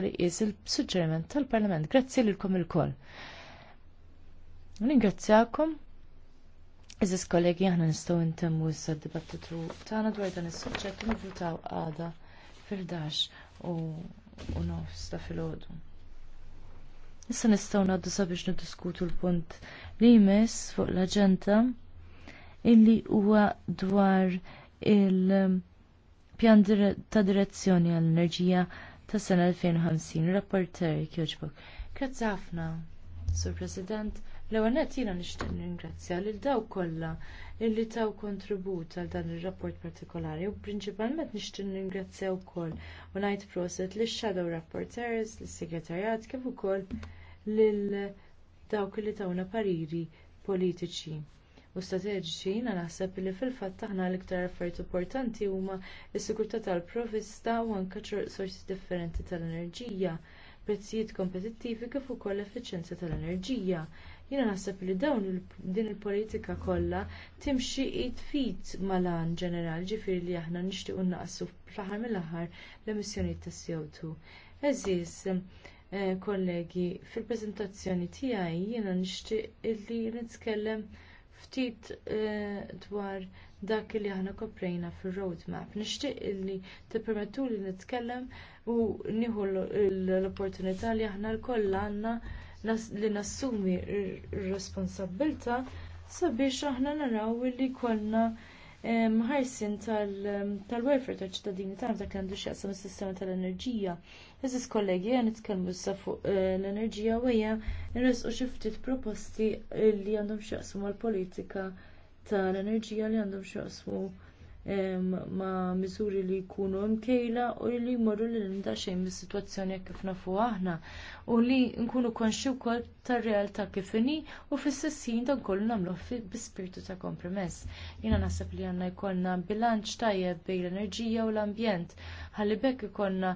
tal-li qis il-suġġeriment tal-Parlament. Grazzi lilkom il-koll. Ningrazzjakom. Iżis kollegi aħna nistgħu intemmu issa d-dibattitu tagħna dwar dan is-suġġett u nivvutaw għada fil-11 u nofs ta' filgħodu. Issa nistgħu ngħaddu sabiex niddiskutu l-punt li jmiss fuq l-aġenda illi huwa dwar il-pjan ta' direzzjoni għall-enerġija ta' sena 2050. Rapporter Kjoġbok. Grazzi ħafna, Sur President. L-għanet jiena nixtieq ningrazzja lil dawk kollha illi taw kontribut għal dan ir rapport partikolari u prinċipalment nixtieq ningrazzja wkoll u ngħid proset lix shadow rapporteurs, lis segretarjat kif ukoll lil dawk li tawna pariri politiċi u strateġiċi jiena naħseb li fil-fatt aħna l-iktar affarijiet importanti huma s-sigurtà tal-provista u anke sorsi differenti tal-enerġija, prezzijiet kompetittivi kif ukoll l effiċjenza tal-enerġija. Jiena naħseb li dawn din il-politika kollha timxi it fit malan ġenerali ġifieri li aħna nixtiequ naqsu fl-aħħar mill-aħħar l-emissjonijiet ta' CO2. Eżis, eh, kollegi, fil preżentazzjoni tiegħi jiena nixtieq li nitkellem ftit eh, dwar dak li aħna koprejna fir roadmap Nixtieq illi permettu li nitkellem u niħu l-opportunità li aħna lkoll għandna li nassumi r responsabbilta sabiex aħna naraw li jkollna ħarsin tal-welfare tal-ċittadini tagħna dak kandu x'jaqsam mis sistema tal-enerġija. Eżis kollegi għan nitkellmu issa fuq eh, l-enerġija u n-res xi ftit proposti li għandhom x'jaqsmu għal politika tal-enerġija li għandhom x'aqsmu ma' miżuri li jkunu mkejla u li jmorru li l xejn mis-sitwazzjoni kif nafu aħna u li nkunu konxi wkoll tar-realtà kif inhi u fis ħin dan kollu nagħmluh bi-spiritu ta' kompromess. Jiena naħseb li għandna jkollna bilanċ tajjeb bejn l-enerġija u l-ambjent ħalli bekk ikollna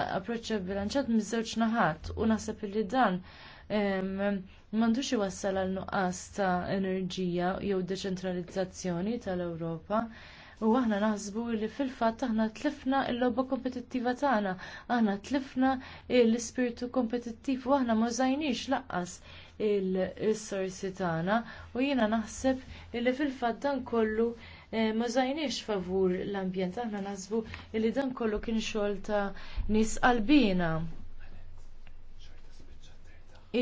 approċċ bilanċat miż-żewġ naħat u naħseb li dan M'għandux iwassal għal nuqqas ta' enerġija jew deċentralizzazzjoni tal-Ewropa u aħna naħsbu li fil-fatt aħna tlifna l-logħba kompetittiva tagħna, aħna tlifna l-ispirtu kompetittiv u aħna ma laqqas il-sorsi tagħna u jiena naħseb li fil-fatt dan kollu eh, ma żajniex favur l-ambjent, aħna naħsbu li dan kollu kien xogħol ta' nies qalbina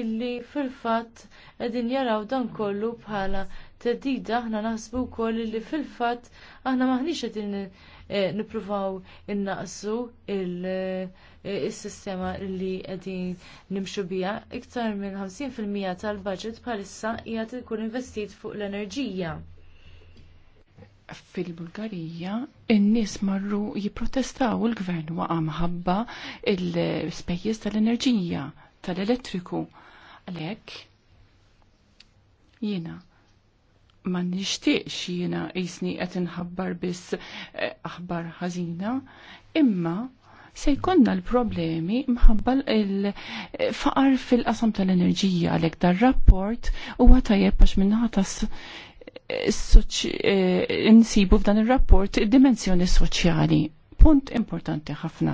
illi fil fatt qegħdin jaraw dan kollu bħala teddida aħna naħsbu wkoll li fil-fatt aħna maħniex qed eh, nippruvaw innaqsu il-sistema eh, li qegħdin nimxu biha. Iktar minn 50% tal-budget bħalissa qiegħed ikun investit fuq l-enerġija. Fil-Bulgarija, in-nies marru jipprotestaw il-gvern waqa' maħabba il-spejjeż tal-enerġija, tal-elettriku. Għalhekk jiena ma nixtieqx jiena jisni qed inħabbar biss eh, aħbar ħażina, imma se jkonna l-problemi mħabba il-faqar eh, fil-qasam tal-enerġija għalek dar-rapport u tajjeb għax minnaħtas eh, insibu f'dan il-rapport dimensjoni soċjali. Punt importanti ħafna.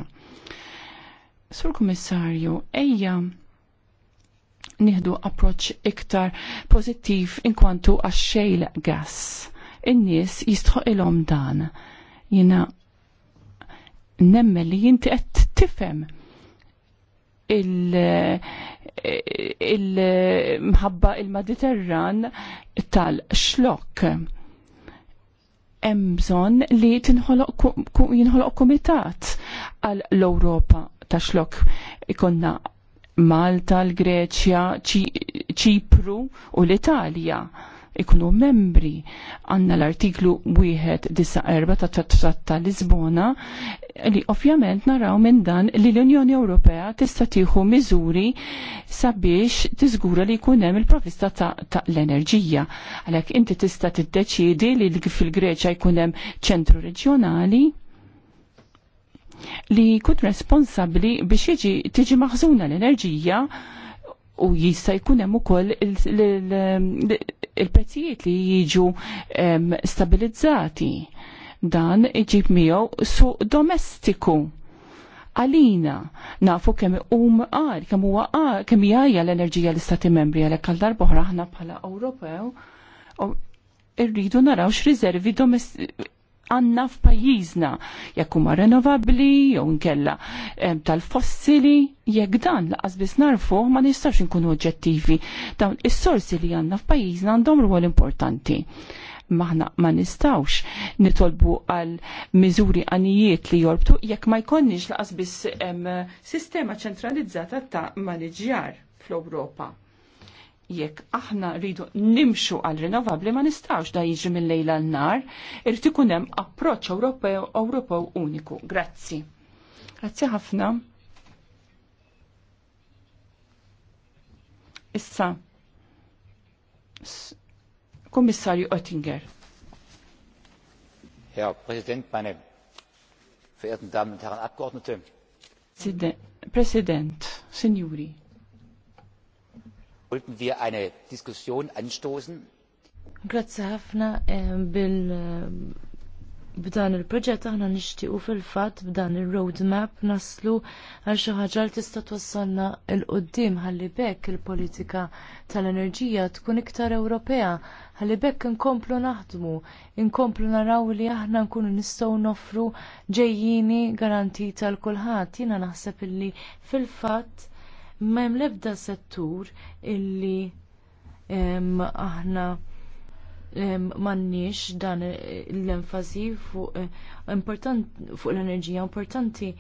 Sur Kummissarju, ejja nieħdu approċ iktar pozittiv inkwantu għax xejl gas. In-nies jistħoq ilhom dan. Jina nemmel li jinti qed tifhem il-mħabba il, il-Mediterran il il mediterran tal xlok Emżon li jinħoloq komitat għal l-Europa ta' xlok ikonna Malta, l-Greċja, ċipru u l-Italja ikunu membri għanna l-artiklu 1.4 ta' trattat ta' Lisbona li ovvjament naraw minn dan li l-Unjoni Ewropea tista' tieħu miżuri sabiex tiżgura li jkun hemm il-provista ta' l-enerġija. Għalhekk inti tista' tiddeċiedi li fil-Greċja jkun hemm ċentru reġjonali li jkun responsabli biex jiġi tiġi maħżuna l-enerġija u jista jkun hemm ukoll il-prezzijiet li jiġu stabilizzati. Dan iġib miegħu suq domestiku għalina nafu kemm um għar, kemm huwa għar, kemm jgħajja l-enerġija l-istati membri għalhekk għal darba aħna bħala Ewropew irridu naraw x'riservi għanna f'pajjiżna jekk huma renovabbli jew nkella tal-fossili jekk dan laqas biss narfu ma nistax inkunu oġġettivi dawn is-sorsi li għandna f'pajjiżna għandhom rwol importanti. Maħna ma nistawx nitolbu għal miżuri għanijiet li jorbtu jekk ma jkonniġ laqas biss sistema ċentralizzata ta' maniġjar fl-Ewropa jekk aħna rridu nimxu għal rinnovabli ma nistawx da jiġi mill-lejla l-nar, irrid ikun hemm approċċ Ewropew Ewropew uniku. Grazzi. Grazzi ħafna. Issa, Kommissarju Oettinger. Herr Präsident, meine verehrten Damen und Herren Abgeordnete. President, Signori. Sollten wir eine Diskussion anstoßen? Grazzi ħafna eh, bil eh, b'dan il-proġett aħna nixtiequ fil-fatt b'dan il-roadmap naslu għal xi ħaġa li tista' twassalna l qudiem ħalli bekk il-politika tal-enerġija tkun iktar Ewropea, ħalli bekk inkomplu naħdmu, inkomplu naraw li aħna nkunu nistgħu noffru ġejjini garantita l kulħadd. Jiena naħseb illi fil-fatt ma hemm l-ebda settur illi aħna mannix dan l-enfasi fuq eh, l-enerġija importanti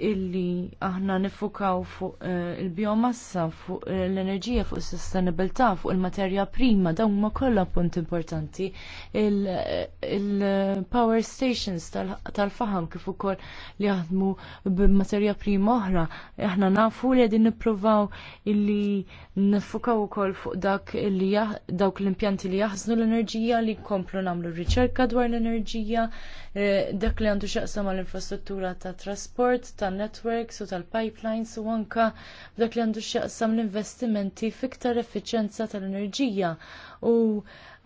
illi aħna nifukaw fuq eh, il-biomassa, fuq eh, l-enerġija, fuq is-sostenibilità, fuq il-materja prima, dawn ma kollha punt importanti. Il-power stations tal-faham kif ukoll li jaħdmu b'materja prima oħra, aħna nafu li qegħdin nippruvaw illi nifukaw ukoll fuq dak illi dawk l-impjanti li jaħznu l-enerġija li komplu nagħmlu riċerka dwar l-enerġija, eh, dak li għandu x'aqsam mal infrastruttura tat trasport, tan-networks u tal-pipelines u anke b'dak li għandu x'jaqsam l-investimenti fiktar effiċjenza tal-enerġija. U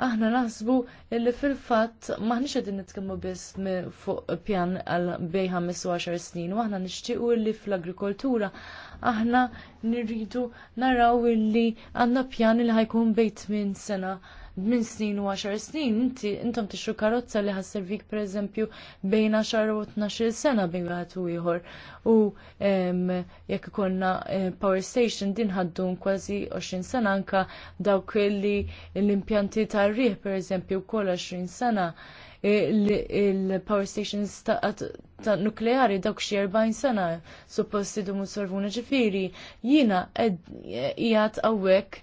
aħna naħsbu li fil-fatt maħniex qegħdin nitkellmu biss fuq pjan għal bej 15 snin u aħna nixtiequ li fl-agrikoltura aħna nirridu naraw li għandna pjan li ħajkun bejn 8 sena minn snin u 10 snin, inti intom tixru karozza li ħasservik per eżempju bejn 10 u 12 sena bejn għat u ieħor. U jekk konna eh, power station din ħaddu kważi 20 sena anka dawk li l-impjanti tar-riħ per eżempju kol 20 sena il-power stations ta' nukleari dawk xi 40 sena suppost idumu sorvuna ġifiri. Jiena qiegħed għawek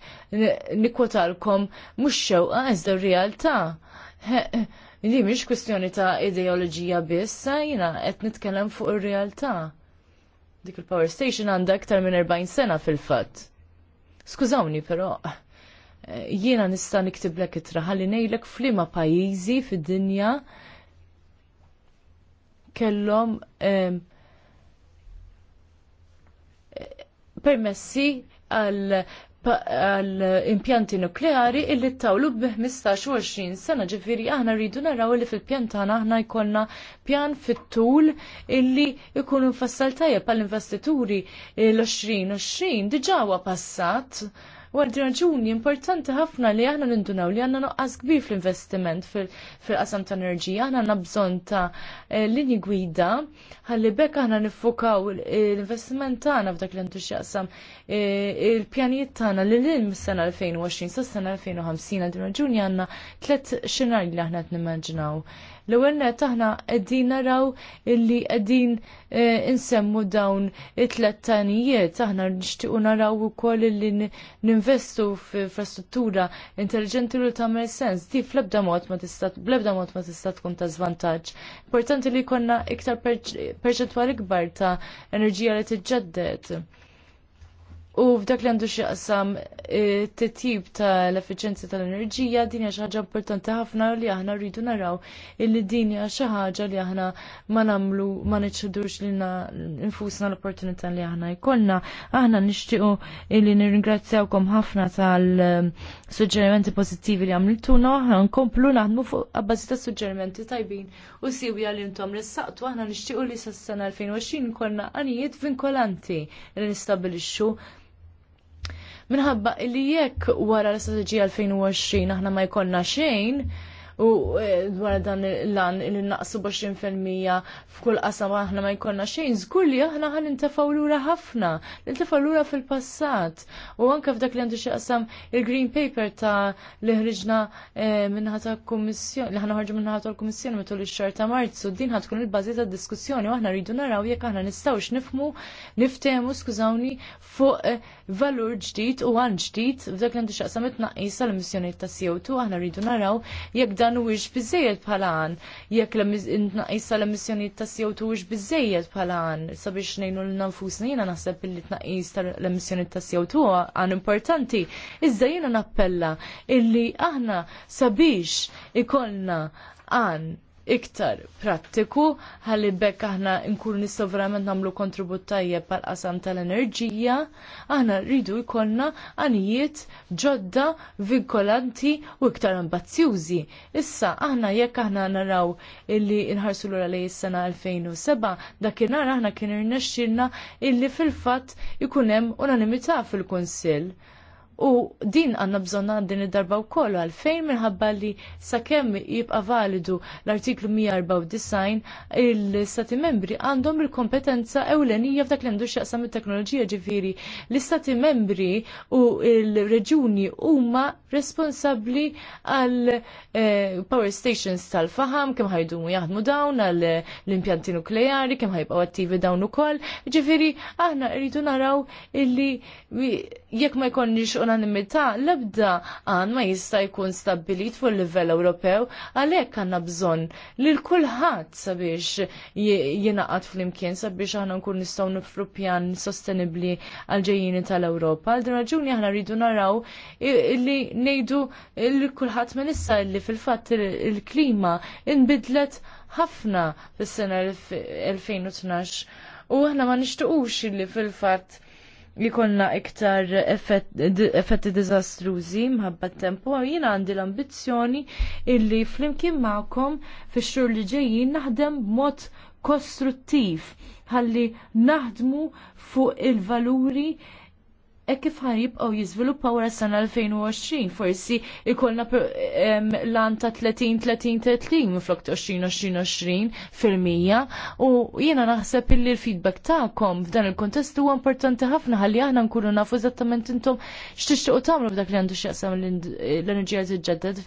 nikwotalkom mhux xewqa iżda r-realtà. Li mhix kwestjoni ta' ideoloġija biss, jiena qed nitkellem fuq ir-realtà. Dik il-power station għandha aktar minn 40 sena fil-fatt. Skużawni però, jiena nista' niktiblek itra ħalli ngħidlek f'liema pajjiżi fid-dinja kellhom permessi għal għal impjanti nukleari illi tawlu b-15-20 sena ġifiri aħna rridu naraw li fil-pjantana aħna jkollna pjan fit-tul illi jkunu mfassal tajja pal-investituri l 20 20 diġawa passat U għaddi raġuni importanti ħafna li aħna nindunaw li għanna noqqas kbir fl-investiment fil-qasam ta' enerġija, aħna għanna bżon ta' eh, linji gwida, għalli bekk aħna nifukaw l-investiment tagħna f'dak li entuxjaqsam eh, il-pjanijiet tagħna li l-ilm s-sena 2020 sa' s-sena 2050 għaddi raġuni għanna tlet xenarji li aħna t-nimmaġinaw. L-ewwel net aħna qegħdin naraw illi qegħdin eh, insemmu dawn it-tlet tanijiet, aħna nixtiequ naraw ukoll illi ninvestu f'infrastruttura intelligenti li tagħmel sens. Di fl-ebda mod ma tista' bl-ebda mod ma tista' tkun ta' żvantaġġ. Importanti li jkollna iktar perċentwali kbar ta' enerġija li tiġġedded U f'dak li għandu xieqsam e, t-tip tal-efficienza tal-enerġija, din hija xi ħaġa importanti ħafna li aħna rridu naraw illi dinja xaħġa xi ħaġa li aħna ma nagħmlu ma niċċedux lilna infusna l-opportunità li aħna jkollna. Aħna nixtiequ illi nirringrazzjawkom ħafna tal-suġġerimenti pożittivi li għamlituna, aħna nkomplu naħdmu fuq abbażi ta' suġġerimenti tajbin u siwja li intom saqtu aħna nixtiequ li s sena 2020 kollna għanijiet vinkolanti li nistabilixxu minħabba li jekk wara l-istrateġija 2020 aħna ma jkollna xejn, u e, dwar dan l an il-naqsu 20% f'kull qasam aħna ma jkollna xejn, żgur li aħna ħan intafaw lura ħafna, nintafaw lura fil-passat. U anke f'dak li għandu xaqsam il-Green Paper ta' li ħriġna e, ta' kummissjoni, li ħana ħarġu minnħata ta' kummissjoni metul ix-xar ta' Marzu, din ħatkun il-bażi ta' diskussjoni u aħna rridu naraw jekk aħna nistgħux nifmu niftehmu skużawni fuq e, valur ġdid u għan ġdid f'dak li għandu xaqsam it naqis għal emissjonijiet ta' CO2 aħna rridu naraw jekk dan huwiex biżejjed bħala għan, jekk it naqis għal emissjonijiet ta' CO2 huwiex biżejjed bħala għan sabiex ngħinu l nfusna jiena naħseb li tnaqqis tal-emissjonijiet ta' CO2 għan importanti. izda jiena nappella illi aħna sabiex ikollna għan iktar prattiku ħalli bekk aħna nkun nistgħu verament nagħmlu kontribut tajjeb għal qasam tal-enerġija, aħna rridu jkollna għanijiet ġodda, vinkolanti u iktar ambazzjużi. Issa aħna jekk aħna naraw illi nħarsu lura lejn is-sena 2007, dakinhar aħna kien irnexxilna illi fil-fatt ikun hemm unanimità fil-Kunsill U din għanna bżonna din id-darba u kollu għalfejn minħabba li sakemm jibqa validu l-artiklu 194 il-stati membri għandhom il-kompetenza ewlenija f'dak li għandu xaqsam il-teknoloġija ġifiri. L-istati membri u l-reġuni huma responsabli għal eh, power stations tal-faham, kem mu jaħdmu dawn għal l-impjanti nukleari, kem ħajbqaw attivi dawn ukoll. Ġifiri, aħna rridu naraw illi jekk ma jkonniex unanimità l-ebda għan ma jista' jkun stabilit fuq livell Ewropew għalhekk għandna bżonn li l-kulħadd sabiex jingħaqad flimkien sabiex aħna nkun nistgħu nifru pjan sostenibbli għal ġejjini tal-Ewropa. Għal din raġuni aħna rridu naraw li ngħidu l kulħadd minn issa li fil-fatt il-klima inbidlet ħafna fis-sena 2012 u aħna ma nixtuqux li fil-fatt jikonna iktar effetti dizastruzi mħabba tempo, jina għandi l-ambizjoni illi flimkien ma'kom fi xur li ġejjin naħdem b'mod kostruttiv ħalli naħdmu fuq il-valuri e kif ħan jibqaw jizviluppaw għara sena 2020, forsi ikolna lan ta' 30-30-30 minflok 20-20-20 fil-mija u jena naħseb illi l-feedback ta'kom f'dan il-kontest huwa importanti ħafna ħalli aħna nkunu nafu eżattament intom x'tixtiequ tagħmlu f'dak li għandu x'jaqsam l-enerġija tiġġedded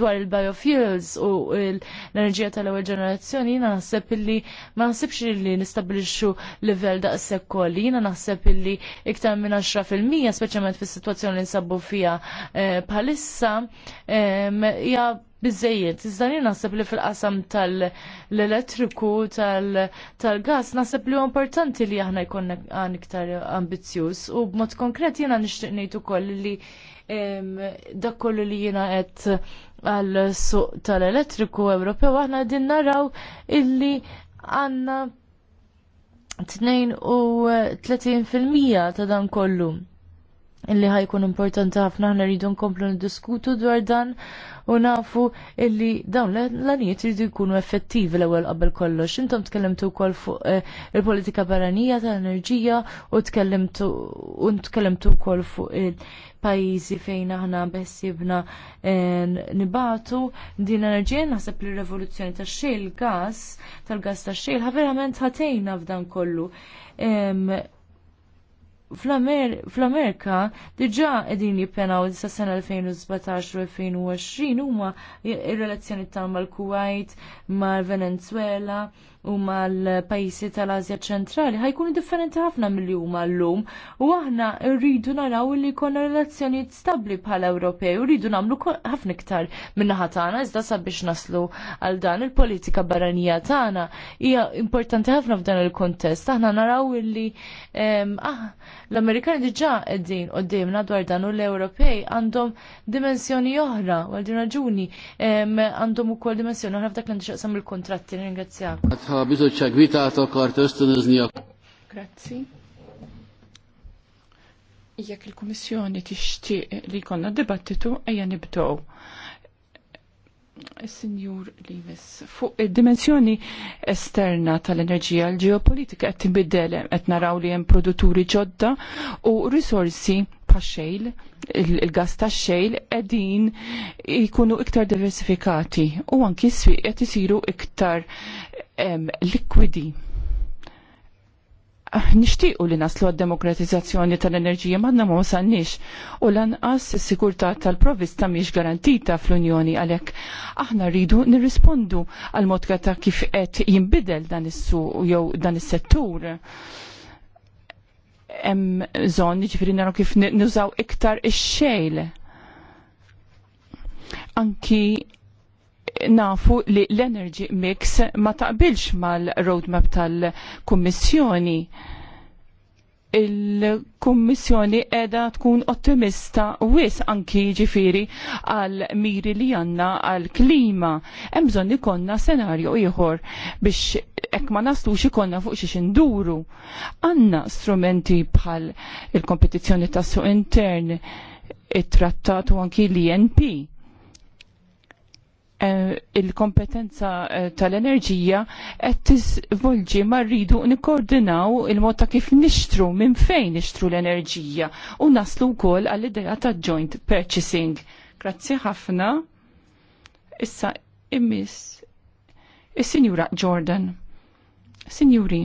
dwar il-biofuels u l-enerġija tal-ewwel ġenerazzjoni jiena naħseb illi ma naħsebx illi nistabbilixxu livell daqshekk ukoll. jiena naħseb illi iktar minn 10 fil-mija, speċjalment fis-sitwazzjoni li nsabbu fija eh, bħalissa, hija bizzejiet. Iżda jien naħseb li fil-qasam tal-elettriku, tal-gas, naħseb li importanti li aħna jkun għan iktar ambizjuż. U b'mod konkret jiena nixtieq ngħid ukoll li dak kollu li jena qed għal suq tal-elettriku Ewropew aħna din naraw illi għandna 32% ta' dan kollu illi ħajkun importanti ħafna ħna rridu nkomplu niddiskutu dwar dan u nafu illi dawn l-għaniet jridu jkunu effettivi l-ewel qabel kollox. Intom tkellimtu wkoll fuq eh, il-politika barranija tal-enerġija u tkellimtu wkoll fuq il- pajizi fejn aħna bessibna eh, nibatu din enerġija naħseb li rivoluzzjoni ta' xil gas tal-gas ta' xil, ħa verament ħatejna f'dan kollu fl-Amerika diġa edin jippenaw sa sena 2017 2020 huma ir-relazzjoni tal mal-Kuwait, mal-Venezuela, u mal-pajjiżi tal azja ċentrali ħajkunu differenti ħafna milli huma llum u aħna rridu naraw li jkollna relazzjonijiet stabbli bħala Ewropej u rridu nagħmlu ħafna iktar min-naħa tagħna iżda sabiex naslu għal dan il-politika barranija tagħna hija importanti ħafna f'dan il-kontest. Aħna naraw li. L-Amerikani diġà qegħdin dimna dwar dan u l-Ewropej għandhom dimensjoni oħra, għal din raġuni għandhom ukoll dimensjoni oħra f'dak li xaqsam il-kontratti ringrazzjak. Għadħa Grazzi. Jekk il-Kummissjoni tixtieq li jkollna dibattitu ejja nibdow. Signor Limes, fuq id-dimensjoni esterna tal-enerġija l-ġeopolitika qed tinbidel qed naraw li hemm produtturi ġodda u risorsi bħax-xejl, il-gas tax-xejl qegħdin jkunu iktar diversifikati u anki s-swieq qed isiru iktar likwidi nixtiequ li naslu għad-demokratizzazzjoni tal-enerġija madna ma wasannix u lanqas is-sigurtà tal-provista mhix garantita fl-Unjoni għalhekk aħna rridu nirrispondu għal mod ta' kif qed jinbidel dan is-suq jew dan is-settur hemm bżonn jiġifieri naraw kif nużaw iktar ix-xejl. Anki nafu li l-energy mix ma taqbilx mal-roadmap tal-Kummissjoni. Il-Kummissjoni edha tkun ottimista wis anki ġifiri għal miri li janna għal klima. Emżon ikonna senarju ieħor biex ek ma naslux ikonna fuq xie induru. Għanna strumenti bħal il-kompetizjoni tas-suq intern, it-trattat u anki l-INP Eh, il-kompetenza eh, tal-enerġija qed tiżvolġi ma rridu nikkoordinaw il-mod ta' kif nixtru minn fejn nixtru l-enerġija u naslu wkoll għall-idea ta' joint purchasing. Grazzi ħafna. Issa immis is-Sinjura Jordan. Sinjuri,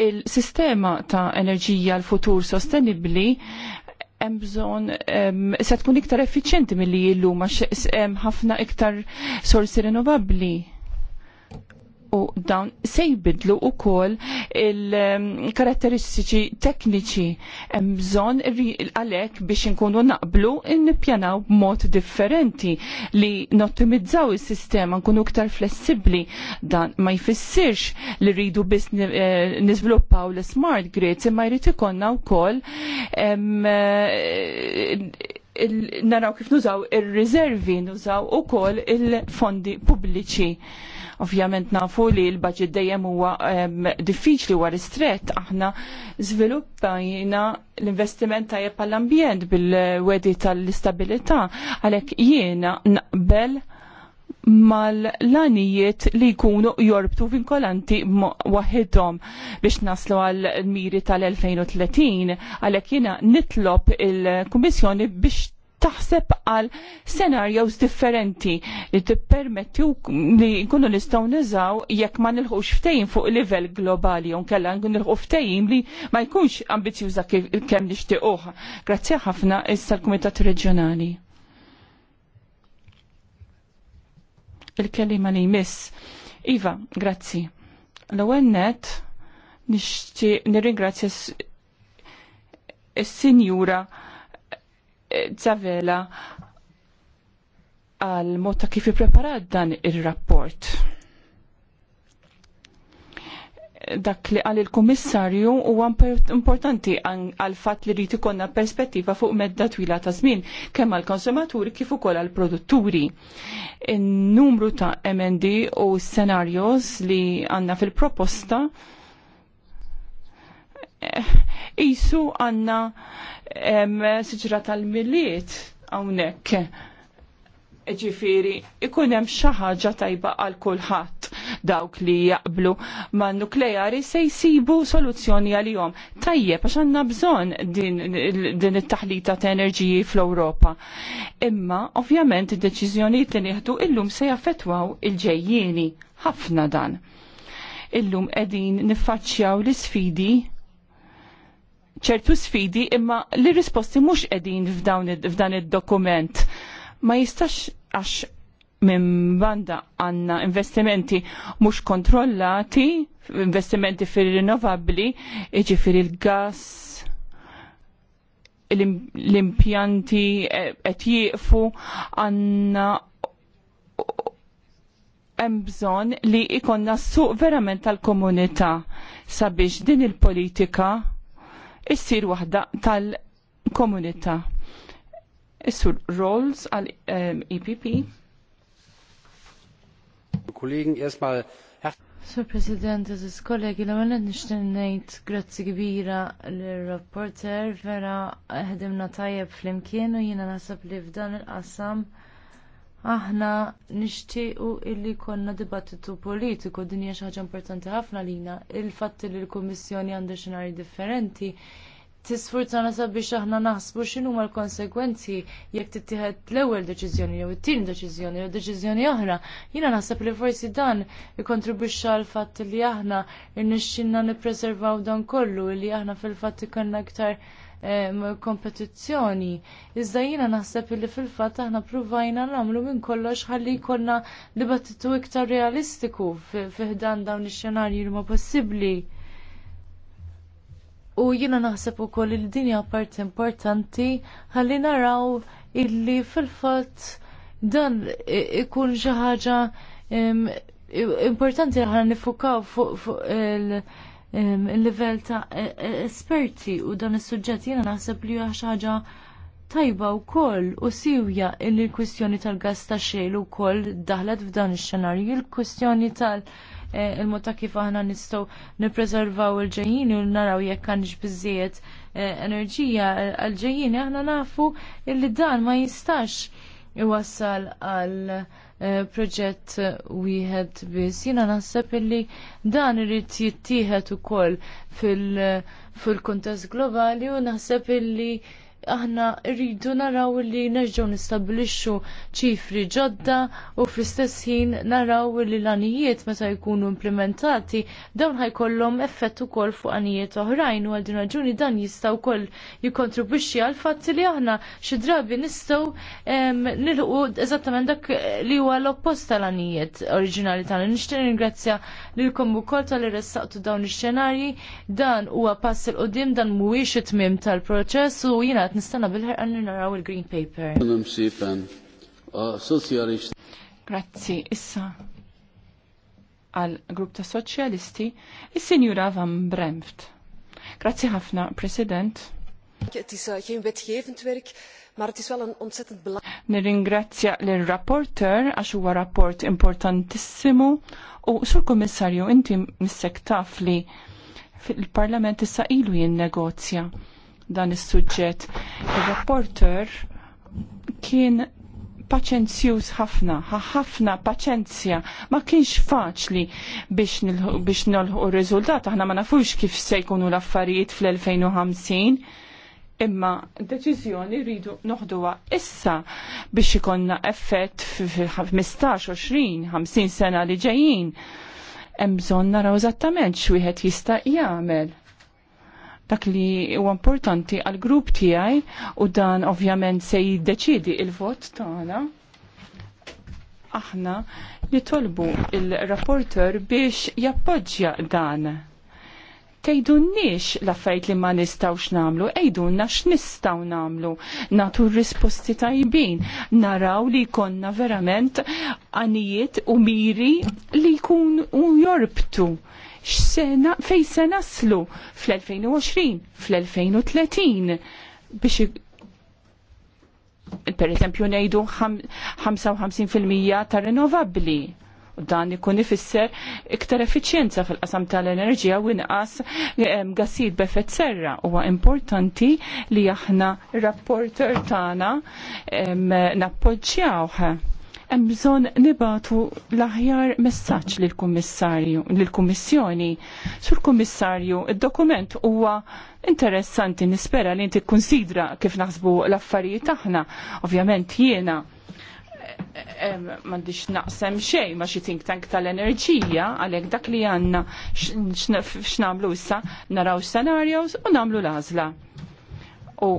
il-sistema ta' enerġija l-futur sostenibli hemm bżonn se tkun iktar effiċjenti milli llum għax hemm ħafna iktar sorsi rinnovabbli u dawn se jbidlu u kol il-karatteristiċi um, tekniċi bżon għalek biex nkunu naqblu nipjanaw b'mod differenti li nottimizzaw il-sistema nkunu ktar flessibli dan ma jfissirx li rridu biss nizviluppaw eh, l-smart grids imma jrid ikonna wkoll eh, naraw kif nużaw ir-riservi, nużaw ukoll il-fondi pubbliċi Ovvjament nafu li l-budget dejjem huwa diffiċli wara ristret aħna żviluppajna l-investiment tajjeb għall-ambjent bil-wedi tal-istabilità għalhekk jiena naqbel mal-lanijiet li jkunu jorbtu vinkolanti waħedhom biex naslu għal miri tal-2030 għalhekk jiena nitlob il-Kummissjoni biex taħseb għal scenarios differenti li tippermetti li nkunu nistgħu niżaw jekk ma nilħux ftejn fuq livell globali kella nkella nilħu ftejn li ma jkunx ambizjuża kemm nixtiequh. Grazzi ħafna issa l komitat Reġjonali. Il-kelima li jmiss. Iva, grazzi. L-għennet nixtieq nirringrazzja s-sinjura Zavela għal mod ta' kif ippreparat dan ir-rapport dak li għal il-komissarju huwa importanti għal fatt li rriti konna perspettiva fuq medda twila ta' żmien kemm għal konsumaturi kif ukoll għal produtturi. In-numru ta' MND u scenarios li għandna fil-proposta jisu eh, għanna siġra tal-miliet għawnek. Ġifiri, ikunem xaħġa tajba għal kulħadd dawk li jaqblu ma' nukleari se jisibu soluzzjoni għal-jom. Tajjeb, għax għanna bżon din it-taħlita ta' enerġiji fl-Europa. Imma, ovvjament, id deċizjoni li nieħdu illum se jaffetwaw il-ġejjieni ħafna dan. Illum edin niffaċċjaw l-sfidi ċertu sfidi imma li risposti mhux qegħdin f'dan id-dokument. Ma jistax għax minn banda għanna investimenti mhux kontrollati, investimenti fil-rinnovabli, iġifiri il-gas, l-impjanti e-, qed jieqfu għandna hemm bżonn li ikonna suq verament tal-komunità sabiex din il-politika issir waħda tal-komunità. Issur Rolls għal EPP. Ehm, e Kollegen, erstmal Sur President, eżis kollegi, l għanet nishtin nejt grazzi kbira l-rapporter, vera ħedimna tajjeb fl-imkien u jina nasab li f'dan il-qasam aħna nixtiequ illi konna dibattitu politiku din hija xi ħaġa importanti ħafna lina. Il-fatt li l-Kummissjoni għandha xinari differenti tisfurzana sabiex aħna naħsbu x'inhu ma l konsegwenzi jekk tittieħed l-ewwel deċiżjoni jew it-tieni deċiżjoni jew deċiżjoni oħra. Jiena naħseb li forsi dan ikkontribwixxa għal fatt li aħna rnixxinna nippreservaw dan kollu li aħna fil-fatt ikollna iktar kompetizzjoni. Iżda jiena naħseb li fil-fatt aħna pruvajna nagħmlu minn kollox ħalli jkollna dibattitu iktar realistiku fiħdan dawn ix-xenarji li ma possibbli. U jiena naħseb ukoll li din hija parti importanti ħalli naraw illi fil-fatt dan ikun xi ħaġa importanti ħana nifukaw fuq il- il-livell ta' e, e, esperti u dan is-suġġett jiena naħseb li huwa xi ħaġa tajba wkoll u siwja li l-kwistjoni tal-gas ta' xejl ukoll daħlet f'dan ix-xenarju. Il-kwistjoni tal- e, il-mod ta' kif aħna nistgħu nippreservaw il-ġejjin u naraw jekk għandix biżejjed enerġija għal-ġejjin aħna nafu li dan ma jistax iwassal għal Eh, proġett wieħed biss. Jiena naħseb illi dan irid jittieħed ukoll fil-kuntest globali u naħseb illi aħna rridu naraw li nerġgħu nistabilixxu ċifri ġodda u fl-istess ħin naraw li l-anijiet meta jkunu implementati dawn ħajkollhom effett ukoll fuq anijiet oħrajn u għal din raġuni dan jista' wkoll jikkontribwixxi għal fatt li aħna xi drabi nistgħu nilqu eżattament dak li huwa l-oppost tal-anijiet oriġinali tagħna. Nixtieq ringrazzja lilkom ukoll tal irressaqtu ressaqtu dawn ix-xenarji dan huwa pass il qudiem dan mhuwiex it-tmiem tal-proċess u jiena għat nistana bil-ħerqan naraw il-Green Paper. Grazzi, issa għal grupp ta' soċjalisti, il sinjura Van Bremft. Grazzi ħafna, President. Eh, Nirringrazzja l-rapporter għax huwa rapport importantissimu u sur kommissarju inti missek taf li fil-parlament issa ilu jinnegozja negozja dan is-suġġett. Ir-rapporter kien paċenzjuż ħafna, ħafna paċenzja, ma kienx faċli biex, biex nolħu r-riżultat, aħna ma nafux kif se jkunu l-affarijiet fl-2050, imma deċiżjoni rridu noħduha issa biex ikonna effett f-15, 20, 50 sena li ġejjin. Hemm bżonn naraw eżattament x'wieħed jista' jagħmel dak li huwa importanti għal grupp tiegħi u dan ovvjament se jiddeċidi il-vot tagħna. Aħna nitolbu il-rapporter biex jappoġġja dan. Tejdunniex l-affajt li ma nistawx namlu, ejdunna x'nistgħu namlu, natu risposti tajbin, naraw li konna verament għanijiet u miri li kun u jorbtu x'sena fejn se naslu fl-2020, fl-2030 biex per esempio ngħidu 55% ta' rinnovabbli dan ikun ifisser iktar effiċjenza fil-qasam tal-enerġija u inqas gassijiet b'effett serra. Huwa importanti li aħna rapporter tagħna nappoġġjawha hemm bżonn nibatu l-aħjar messaġġ lill-Kummissarju, lill-Kummissjoni. Sur Kummissarju, il dokument huwa interessanti nispera li inti konsidra kif naħsbu l-affarijiet aħna. Ovvjament jiena eh, eh, m'għandix naqsem xej ma xi think tank tal-enerġija għalhekk dak li għandna x'namlu issa naraw scenarios u nagħmlu l-għażla. U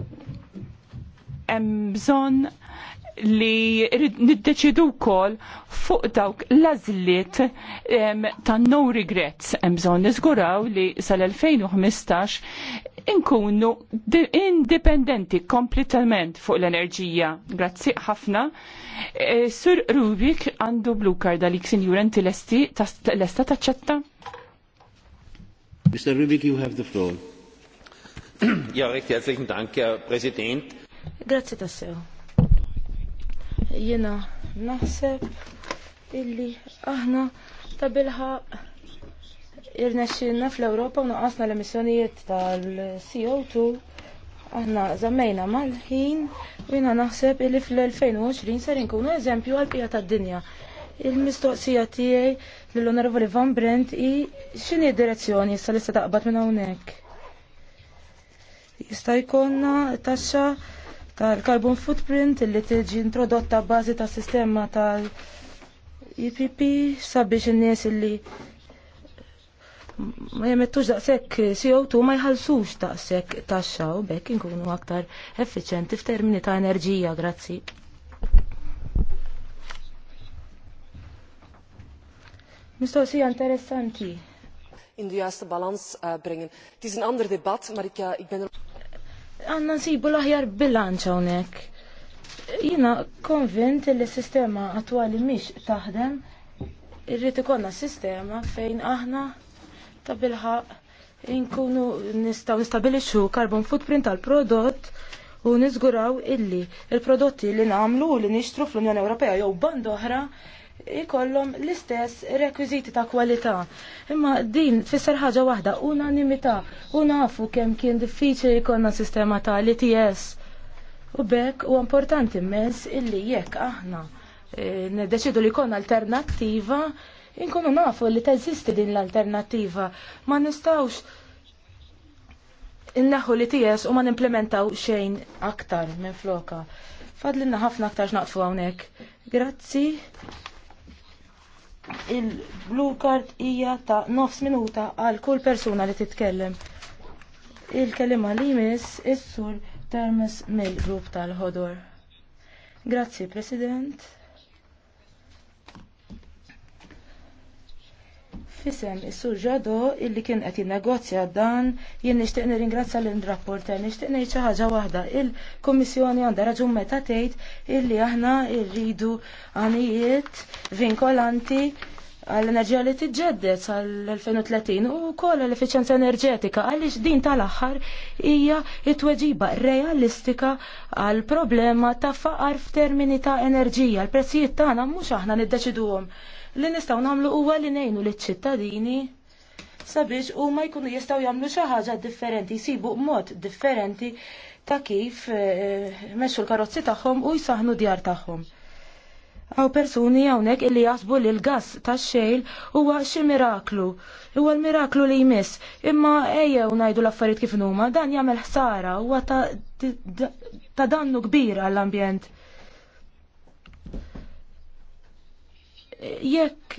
hemm bżonn li niddeċidu kol fuq dawk lażliet ta' no regrets bżonn niżguraw li sal-2015 inkunu indipendenti kompletament fuq l-enerġija. Grazzi ħafna. E, Sur Rubik għandu blu karda li ksinjur l-esti l-esta taċċetta? Mr. Rubik, you have the floor. ja, recht herzlichen Dank, Herr Präsident. Grazie tassew. Jiena naħseb illi aħna ta' irnexxinna fl-Ewropa u naqasna l-emissjonijiet tal-CO2 aħna żammejna mal-ħin u jina naħseb illi fl-2020 ser inkunu eżempju għal bija tad-dinja. Il-mistoqsija tiegħi lill-Onorevoli Van Brent hi x'inhi d-direzzjoni issa li se taqbad minn hawnhekk. Jista' jkollna taxxa tal-carbon footprint illi tiġi introdotta bażi ta' sistema tal-IPP e sabiex in-nies li ma jemettux daqshekk CO2 ma jħallsux daqshekk taxxa xaw bekk inkunu aktar effiċenti f'termini ta' enerġija, grazzi. Mistoqsija interessanti. In de balans uh, brengen. Het ander debat, Marika, eh, ik, ben er- għanna nsibu l-aħjar bilanċ hawnhekk. Jina konvint li s-sistema attwali mhix taħdem, irrid ikollna sistema fejn aħna ta' bilħa inkunu nistgħu nistabilixu carbon footprint tal-prodott u niżguraw illi il-prodotti li nagħmlu li nixtru fl-Unjoni Ewropea jew band oħra ikollhom l-istess rekwiżiti ta' kwalità. Imma din tfisser ħaġa waħda unanimità u nafu kemm kien diffiċli jkollna sistema ta' l-ITS. U bekk u importanti immens illi jekk aħna eh, nedeċidu li jkollna alternattiva, inkunu nafu li teżisti din l-alternattiva. Ma nistawx inneħu li tijes u ma nimplementaw xejn aktar minn floka. Fadlinna ħafna aktar x'naqfu hawnhekk. Grazzi il-blue card hija ta' nofs minuta għal kull persuna li titkellem. Il-kelima li jmiss is-sur Termes mill grup tal-ħodor. Grazzi, President. Fisem, is-sur ġodo illi kien qed jinnegozja dan, jien nixtieq nirringrazzja l rapporter nixtieq ngħid xi ħaġa waħda. Il-Kummissjoni għandha raġun meta tgħid illi aħna rridu għanijiet vinkolanti għall-enerġija li tiġġeddet għall 2030 u wkoll l-efficienza enerġetika għaliex din tal-aħħar hija t-tweġiba realistika għall problema ta' faqar f'termini ta' enerġija. L-prezzijiet tagħna mhux aħna niddeċiduhom li nistgħu nagħmlu huwa li ngħinu liċ-ċittadini sabiex huma jkunu jistgħu jagħmlu xi ħaġa differenti, jsibu mod differenti ta' kif e, eh, meċu l-karozzi tagħhom u jisaħnu djar tagħhom. Għaw persuni għawnek illi jasbu li l-gas ta' xejl huwa xi miraklu. Huwa l-miraklu li jmiss. Imma ejja u najdu l-affarijiet kif numa, dan jagħmel ħsara huwa ta' dannu kbir għall-ambjent. Jekk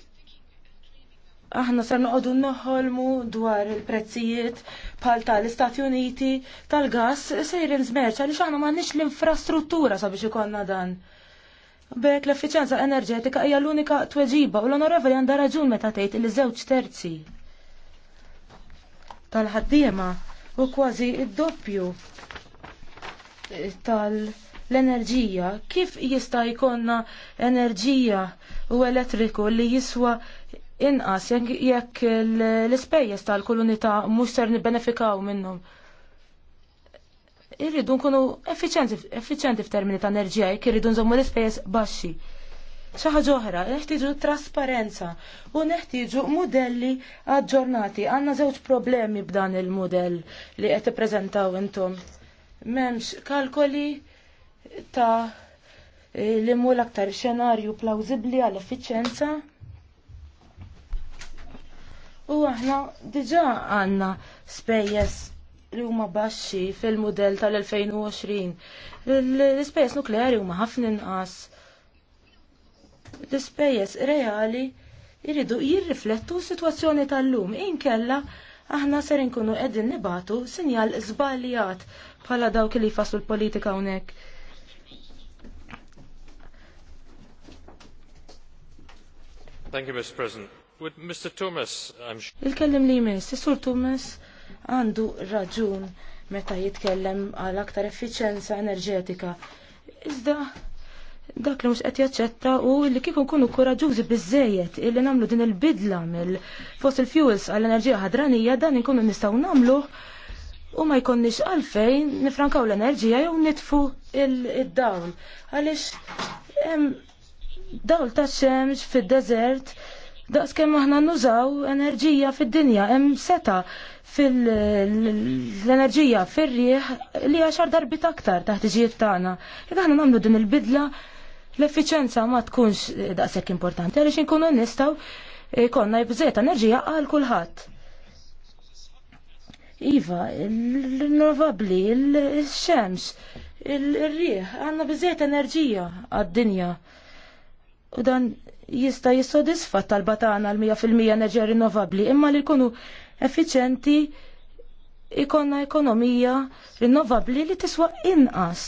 aħna sar noqogħdu noħolmu dwar il-prezzijiet bħal tal-Istati Uniti tal-gass sejrin żmerċ għaliex aħna m'għandniex l-infrastruttura sabiex ikollna dan. Bek l-effiċenza enerġetika hija l-unika tweġiba u l-onorevoli għandha raġun meta tgħid li żewġ terzi tal-ħaddiema u kważi id-doppju tal-, tal l-enerġija. Kif jista' jkollna enerġija u elettriku li jiswa inqas jekk l-ispejjeż tal-kull unità mhux ser nibbenefikaw minnhom? Irridu nkunu effiċenti f'termini ta' enerġija jekk irridu nżommu l-ispejjeż baxxi. Xi ħaġa oħra, neħtieġu trasparenza u neħtieġu mudelli aġġornati. Għandna żewġ problemi b'dan il-mudell li qed tippreżentaw intom. M'hemmx kalkoli ta' li mu l-aktar xenarju plawzibli għall effiċenza U aħna diġa għanna spejjes li huma baxxi fil-mudell tal-2020. L-ispejjeż nukleari huma ħafna inqas. L-ispejjeż reali jridu jirriflettu s-sitwazzjoni tal-lum inkella aħna ser inkunu qegħdin nibatu sinjal żbaljat bħala dawk li jfasslu l-politika hawnhekk. Thank you, Mr. President. With Mr. Thomas, Il-kellim li jmiss, Sur Thomas għandu raġun meta jitkellem għal aktar effiċenza enerġetika. Iżda, dak li mhux qed jaċċetta u li kif nkunu korraġużi biżejjed illi nagħmlu din il-bidla mill-fossil fuels għall-enerġija ħadranija dan inkunu nistgħu nagħmlu u ma jkonniex għalfejn nifrankaw l-enerġija jew nitfu id-dawl. Għaliex dawl ta' xemx fid-deżert daqs kemm aħna nużaw enerġija fid-dinja, hemm seta fil-enerġija fir-rieħ li għaxar xar darbit aktar taħt iġijiet tagħna. Jek aħna nagħmlu din il-bidla, l-effiċenza ma tkunx daqshekk importanti għaliex inkunu nistgħu jkollna jbżejt enerġija għal kulħadd. Iva, l-rinnovabli, l-xemx, il-rieħ, għanna bizzejt enerġija għad-dinja u dan jista jissodisfa talba tagħna l-100% enerġija rinnovabbli imma li jkunu effiċenti ikonna ekonomija rinnovabbli li tiswa inqas.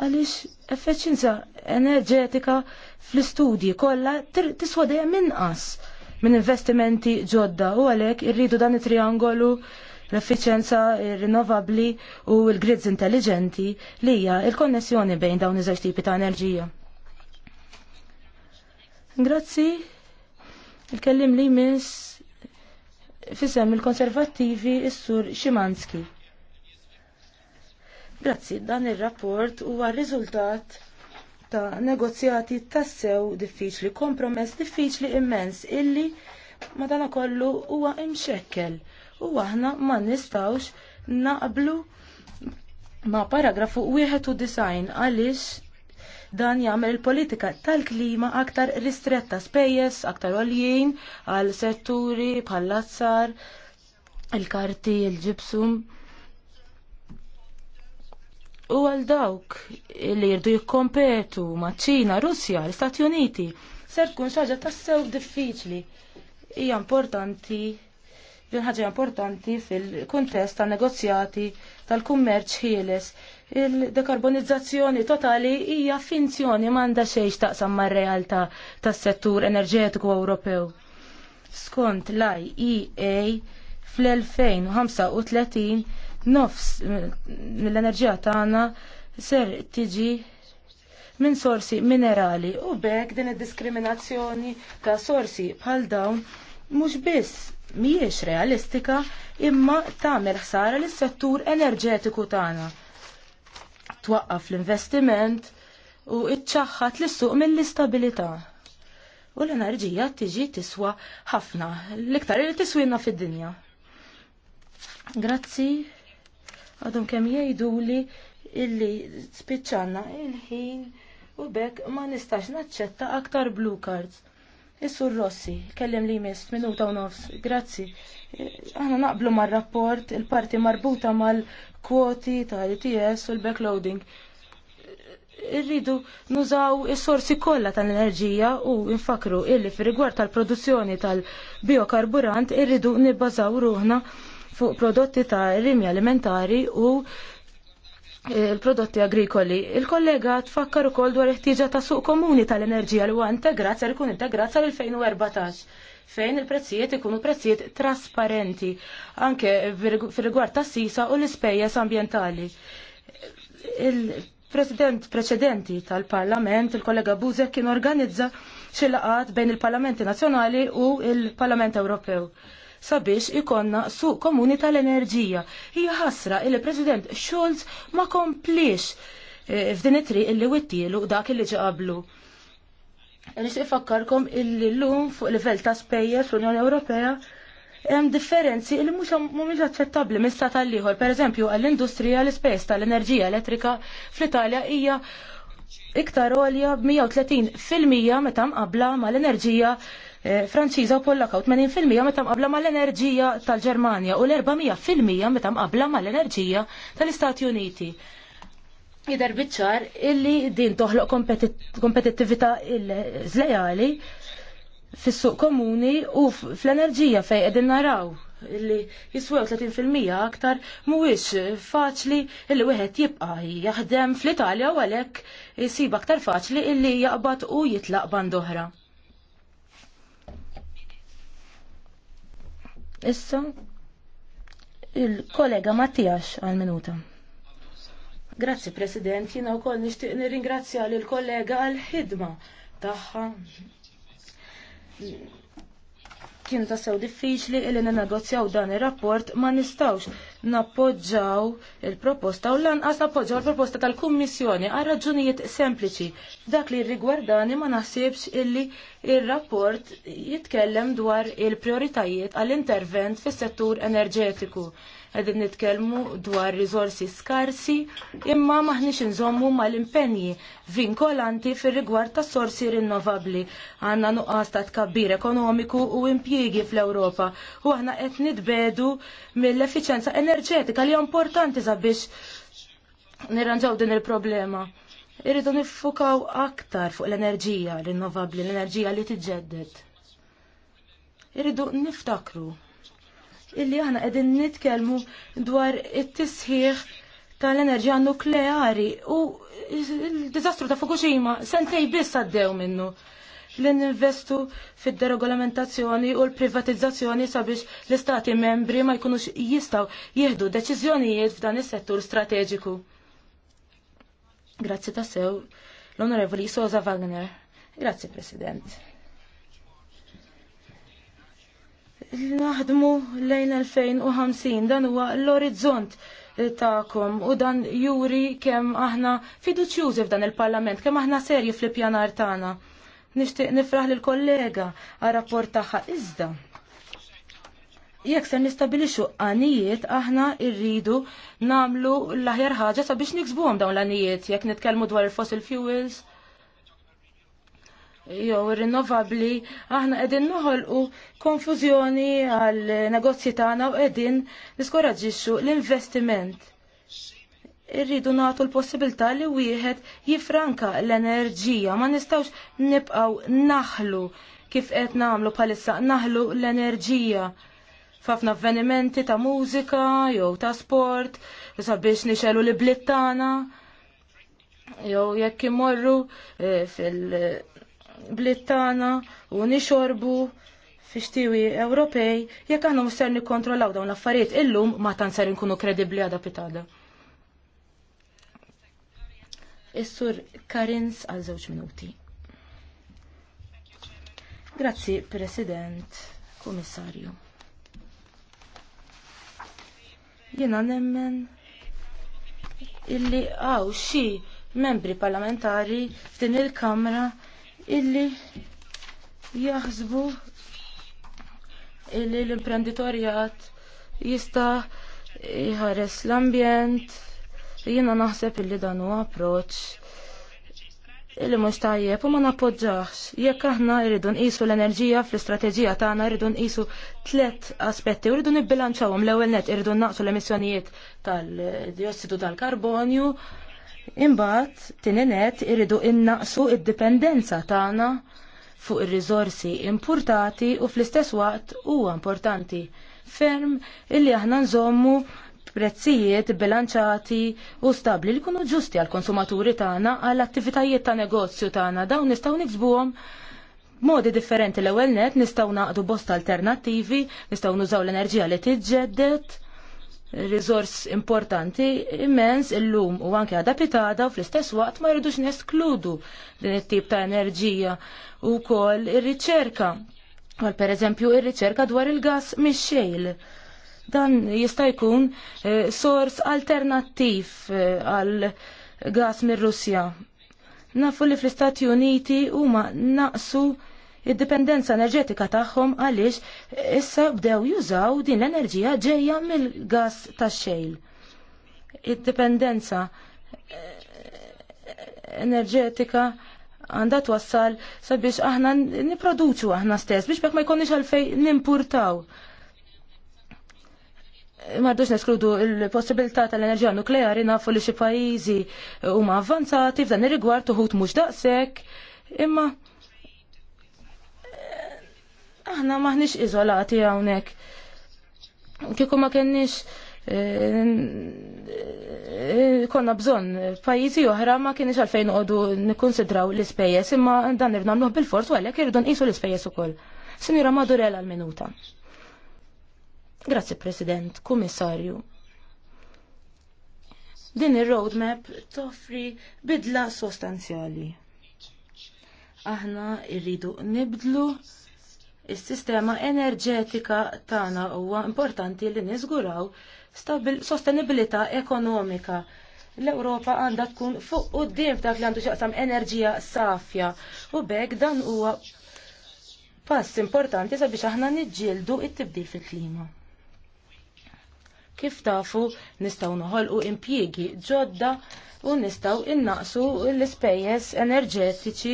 Għaliex effiċjenza enerġetika fl-istudji kollha tiswa dejjem inqas minn investimenti ġodda u għalhekk irridu dan it-triangolu l-effiċenza rinnovabbli u l-grids intelligenti li hija l konnessjoni bejn dawn iż-żewġ tipi ta' enerġija. Grazzi. Il-kellim li miss fisem il-konservattivi is-sur Szymanski. Grazzi, dan il-rapport huwa riżultat ta' negozjati tassew diffiċli, kompromess diffiċli immens illi madana kollu huwa imxekkel. U aħna ma nistawx naqblu ma' paragrafu 91 għaliex Dan jagħmel il-politika tal-klima aktar ristretta spejjeż, aktar għoljien għal setturi bħal-azzar, il-karti, il-ġibsum. U għal dawk li jirdu jikkompetu ma' ċina, Russja, l-Istati Uniti, ser tkun xaġa tassew diffiċli. Hija importanti din ħaġa importanti fil-kuntest ta' negozjati tal-kummerċ ħieles Il-dekarbonizzazzjoni totali hija finzjoni m'għandha xejn taqsam mar-realtà tas-settur enerġetiku Ewropew. Skont l-IEA fl-2035 nofs l enerġija tagħna ser tiġi minn sorsi minerali u bekk din id-diskriminazzjoni ta' sorsi bħal dawn mhux biss mhijiex realistika imma tagħmel ħsara lis settur enerġetiku tagħna twaqqaf l-investiment u iċċaħħat l-suq mill-istabilità. U l-enerġija tiġi tiswa ħafna, l-iktar li tiswina fid-dinja. Grazzi, għadhom kemm jgħidu li illi spiċċanna il-ħin u bekk ma nistax naċċetta aktar blue cards. Is-sur Rossi, kellem li jmiss minuta u nofs, grazzi. Aħna naqblu mar-rapport, il-parti marbuta mal- kwoti ta' ETS u l-backloading. Irridu nużaw is-sorsi kollha tal-enerġija u nfakru illi fi rigward tal-produzzjoni tal-biokarburant irridu nibbażaw ruħna fuq prodotti ta' rimi alimentari u il-prodotti eh, agrikoli. Il-kollega tfakkar ukoll dwar il-ħtiġa ta' suq komuni tal-enerġija li huwa integrat ser ikun integrat sal-2014 fejn il-prezzijiet ikunu prezzijiet trasparenti anke fil-rigward tas sisa u l-ispejjeż ambjentali. Il-president preċedenti tal-Parlament, il-kollega Buzek, kien organizza xi bejn il-Parlamenti Nazzjonali u il-Parlament Ewropew sabiex ikonna suq komuni tal-enerġija. Hija ħasra il-President Schulz ma komplix eh, f'din it-triq illi wittilu dak illi ġaqablu. qablu Nixtieq fakkarkom illi l-lum fuq livell ta' spejjeż fl-Unjoni Ewropea hemm differenzi li mhux mhumiex aċċettabbli minn stat għal ieħor. Pereżempju għall-industrija l-ispejjeż tal-enerġija elettrika fl-Italja hija iktar għolja b-130 fil-mija meta ma mal-enerġija eh, Franċiża u Pollaka u 80 fil-mija meta ma mal-enerġija tal-Ġermanja u l-400 fil-mija meta ma mal-enerġija tal-Istati Uniti jider bitċar illi din toħloq kompetittivita il-żlejali fis-suq komuni u fl-enerġija fej qegħdin naraw illi jiswew 30% aktar mhuwiex faċli illi wieħed jibqa' jaħdem fl-Italja u għalhekk jsib aktar faċli illi jaqbad u jitlaq band oħra. Issa il-kollega Mattijax għal-minuta. Grazzi President, jina u koll nishtiq nirringrazzja l kollega għal-ħidma taħħa. Kien ta' sew diffiċli n-negozjaw dan ir-rapport ma nistawx nappoġġaw il-proposta u lanqas nappoġġaw il-proposta tal-Kummissjoni għal raġunijiet sempliċi. Dak li rigwardani ma naħsibx illi il-rapport jitkellem dwar il-prioritajiet għall-intervent fis-settur enerġetiku qegħdin nitkellmu dwar rizorsi skarsi imma maħniex inżommu mal-impenji vinkolanti fir-rigward tas sorsi rinnovabbli. Għandna nuqqas ta' tkabbir ekonomiku u impjiegi fl-Ewropa u aħna qed nitbedu mill efficienza enerġetika li importanti sabiex nirranġaw din il-problema. Irridu nifukaw aktar fuq l-enerġija rinnovabbli, l-enerġija li tiġġedded irridu niftakru illi aħna qegħdin nitkellmu dwar it-tisħiħ tal-enerġija nukleari u il-diżastru ta' Fukushima sentej biss għaddew minnu li ninvestu fid-deregolamentazzjoni u l-privatizzazzjoni sabiex l-istati membri ma jkunux jistaw jieħdu deċiżjonijiet f'dan is-settur strateġiku. Grazzi tassew l-Onorevoli Sosa Wagner. Grazzi, President. naħdmu lejn 2050 dan huwa l-orizzont eh, ta'kom u dan juri kemm aħna fiduċjużi f'dan il-Parlament, kemm aħna serji fl-ippjanar tagħna. Nixtieq nifraħ lil kollega għal rapport tagħha iżda. Jekk se nistabilixu għanijiet aħna rridu namlu l-aħjar ħaġa sabiex niksbuhom dawn l-għanijiet jekk nitkellmu dwar il-fossil fuels jew rinnovabli, aħna qegħdin noħolqu konfużjoni għal negozji tagħna u qegħdin niskoraġixxu l-investiment. Irridu nagħtu l-possibilità li wieħed jifranka l-enerġija, ma nistgħux nibqgħu naħlu kif qed nagħmlu bħalissa naħlu l-enerġija f'ħafna avvenimenti ta' mużika jew ta' sport, sabiex nixelu li blittana jew jekk imorru eh, fil- blittana u nixorbu fixtiwi Ewropej jekk aħna ser nikkontrollaw dawn l-affarijiet illum ma tant ser inkunu kredibbli għadha pitada. Is-sur Karins għal żewġ minuti. Grazzi, President, Komissarju. Jena nemmen illi għaw xi membri parlamentari f'din il-Kamra illi jaħsbu illi l-imprenditorjat jista jħares l-ambjent jiena naħseb illi dan huwa approċċ illi mhux tajjeb u ma nappoġġax jekk aħna rridu nqisu l-enerġija fl-istrateġija tagħna rridu nqisu tliet aspetti u rridu nibbilanċawhom l-ewwel net irridu naqsu l-emissjonijiet tal-diossidu tal-karbonju tal tal diossidu tal karbonju Imbagħad tieni net irridu innaqsu id-dipendenza tagħna fuq ir-riżorsi importati u fl-istess waqt huwa importanti ferm illi aħna nżommu prezzijiet bilanċati u stabli li kunu ġusti għal konsumaturi tagħna għal attivitajiet ta' negozju tagħna dawn nistgħu niksbuhom modi differenti l-ewwel net nistgħu naqdu bost alternattivi, nistgħu nużaw l-enerġija li tiġġedded rizors importanti immens illum u anke adapitada, pitada u fl-istess waqt ma jridux neskludu din it-tip ta' enerġija u kol ir-riċerka. Għal per eżempju ir-riċerka dwar il-gas mix-xejl. Dan jista' jkun eh, sors alternattiv eh, għal eh, gas mir-Russja. Nafu li fl-Istati Uniti huma naqsu id-dipendenza enerġetika tagħhom għaliex issa bdew jużaw din l-enerġija ġejja mill-gas tax-xejl. Id-dipendenza eh, enerġetika għandha twassal sabiex aħna niproduċu aħna stess biex bekk ma jkunniex għalfej nimpurtaw. Mardux neskludu il-possibilità tal-enerġija nukleari nafu li xi pajjiżi huma avvanzati f'dan ir-rigward uħut mhux daqshekk imma Aħna maħniex izolati hawnhekk. Kieku ma kenniex eh, eh, konna bżon pajjiżi oħra ma kienx għalfejn noqogħdu nikkonsidraw l-ispejjeż imma dan irdu bil-fors u għalhekk irridu nqisu l-ispejjeż ukoll. Sinjura Madurella għal minuta Grazzi President, Kummissarju. Din ir-roadmap toffri bidla sostanzjali. Aħna irridu nibdlu Is-sistema enerġetika tagħna huwa importanti li niżguraw sostenibilità ekonomika. L-Ewropa għandha tkun fuq quddiem f'dak li għandu xaqsam enerġija safja u bek dan huwa pass importanti sabiex aħna niġġieldu it-tibdil fil-klima. Kif tafu nistgħu noħolqu impjiegi ġodda u nistgħu innaqsu l-ispejjeż enerġetiċi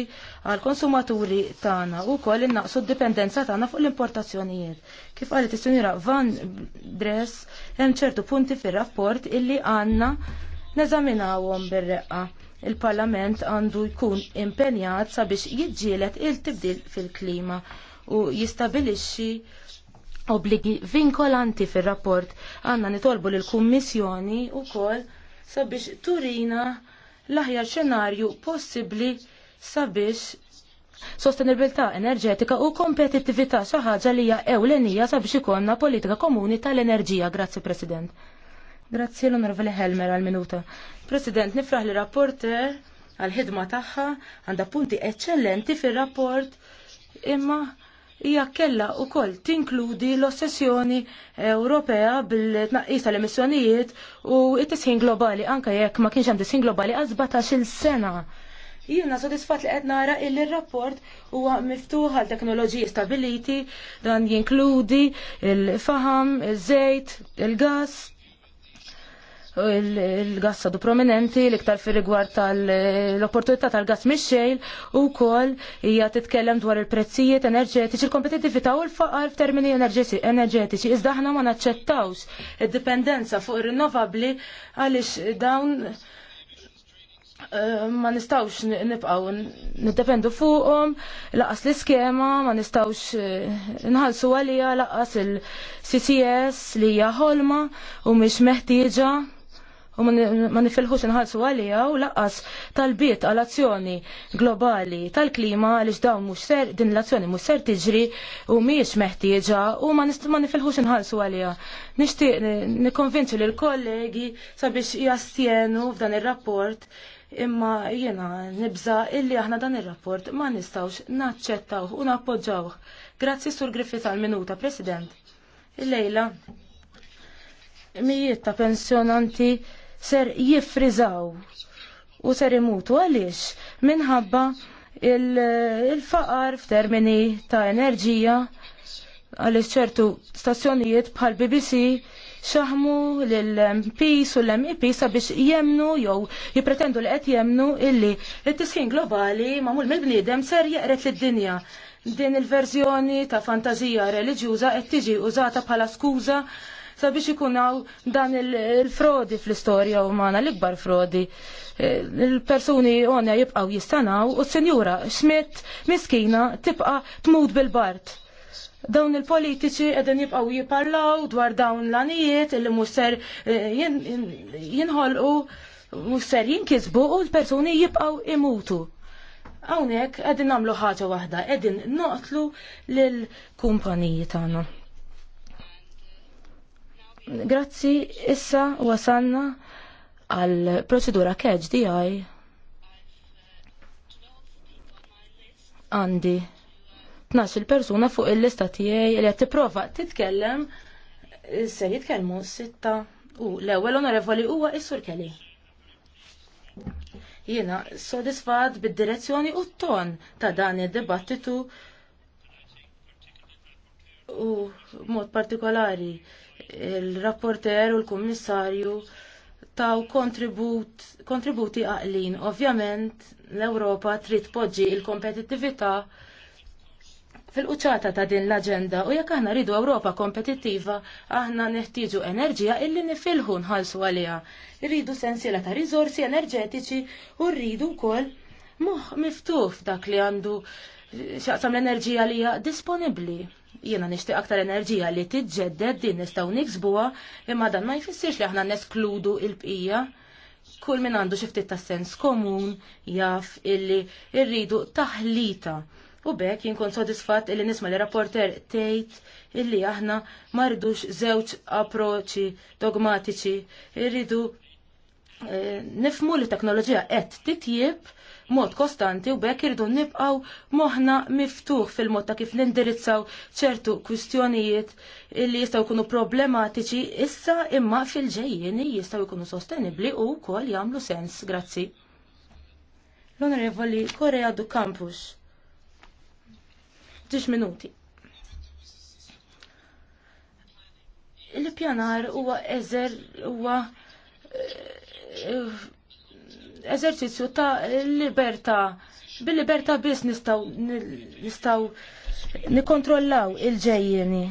għal konsumaturi tagħna u wkoll innaqsu d-dipendenza tagħna fuq l-importazzjonijiet. Kif qalet is-Sinjura Van Dress hemm ċertu punti fir-rapport illi għandna neżaminawhom bir-reqqa. Il-Parlament għandu jkun impenjat sabiex jiġġielet il-tibdil fil-klima u jistabilixxi obligi vinkolanti fir-rapport għanna nitolbu l kummissjoni wkoll sabiex turina l-aħjar xenarju possibbli sabiex sostenibilità enerġetika u kompetitività xi ħaġa li hija ewlenija sabiex ikonna politika komuni tal-enerġija. Grazzi President. Grazzi l-Onorevoli Helmer għal-minuta. President, nifraħ li rapporte għal-ħidma tagħha għandha punti eċċellenti fir-rapport imma hija kellha wkoll tinkludi l-ossessjoni Ewropea bil-tnaqqis tal-emissjonijiet u t-tisħin globali anke jekk ma kienx hemm tisħin globali għal 17-il sena. Jiena sodisfat li qed nara illi rapport huwa miftuħ għal teknoloġiji stabiliti dan jinkludi il-faham, il żejt il-gas, il gassa sadu prominenti l-iktar fi rigward tal-opportunità tal gass mix-xejl u wkoll hija titkellem dwar il-prezzijiet enerġetiċi il-kompetittività u l-faqar f'termini enerġetiċi. Iżda aħna ma naċċettawx id-dipendenza fuq ir-rinnovabbli għaliex dawn eh, ma nistawx nibqaw niddependu fuqhom, laqas l-iskema, ma nistawx eh, nħallsu għalija, laqas il-CCS li hija ħolma u mhix meħtieġa u ma nifilħux nħalsu għalija u laqqas tal biet għal-azzjoni globali tal-klima għalix dawn mux ser, din l-azzjoni mux ser tiġri u miex meħtieġa u ma nifilħux nħalsu għalija. Nishti nikonvinċu li l-kollegi sabiex jastjenu f'dan il-rapport imma jena nibza illi aħna dan il-rapport ma nistawx naċċettaw u nappoġġaw. Grazzi sur Griffith għal-minuta, President. Il-lejla mijiet ta' pensjonanti ser jiffriżaw u ser imutu għaliex minħabba il-faqar f'termini ta' enerġija għal ċertu stazzjonijiet bħal BBC xaħmu l-MPs u l-MEPs sabiex jemnu jew jipretendu li qed jemnu illi it-tisħin globali mamul mill-bniedem ser jeqret lid-dinja. Din il-verżjoni ta' fantazija reliġjuża qed tiġi użata bħala skuża sabiex ikunaw dan il-frodi fl-istorja umana, l-ikbar frodi. E, il-persuni onja jibqaw jistanaw u s-senjura xmet miskina tibqa tmut bil-bart. Dawn il-politiċi edin jibqaw jiparlaw dwar dawn l-anijiet illi musser e, jinħolqu musser jinkisbu u l-persuni jibqaw imutu. Għawnek għedin namlu ħaġa wahda, għedin noqtlu l-kumpaniji tagħna. Grazzi, issa wasanna għal proċedura catch di għaj. Għandi 12 persuna fuq il-lista tiegħi li qed tipprova titkellem se jitkellmu sitta u l-ewwel onorevoli huwa is-Sur Kelly jiena sodisfat bid-direzzjoni u t-ton ta' dan id-dibattitu u mod partikolari il-rapporter u l-kummissarju taw kontributi għaqlin. Ovvjament l-Ewropa trid poġġi il-kompetittività fil qċata ta' din l-agenda u jekk aħna ridu Ewropa kompetittiva, aħna neħtieġu enerġija illi nifilħu nħallsu għaliha. Rridu sensiela ta' riżorsi enerġetiċi u rridu wkoll moħħ miftuħ dak li għandu xaqsam l-enerġija li hija disponibbli jiena nixtieq aktar enerġija li tiġġedded din nistgħu niksbuha imma dan ma jfissirx li aħna neskludu il-bqija kull min għandu xiftit ta' sens komun jaf illi irridu taħlita. U bekk jinkun sodisfatt illi nisma li rapporter tgħid illi aħna ma rridux żewġ approċċi dogmatiċi, irridu eh, nifmu li teknoloġija qed titjib mod kostanti u bekk irdu nibqaw moħna miftuħ fil-mod ta' kif nindirizzaw ċertu kwistjonijiet li jistaw kunu problematiċi issa imma fil ġejjien jistaw ikunu sostenibli u kol jamlu sens. Grazzi. L-Onorevoli Korea du Campus. 10 minuti. Il-pjanar huwa eżer huwa eh, eżerċizzju ta' libertà. Bil-libertà biss nistaw nistaw nikontrollaw il-ġejjeni.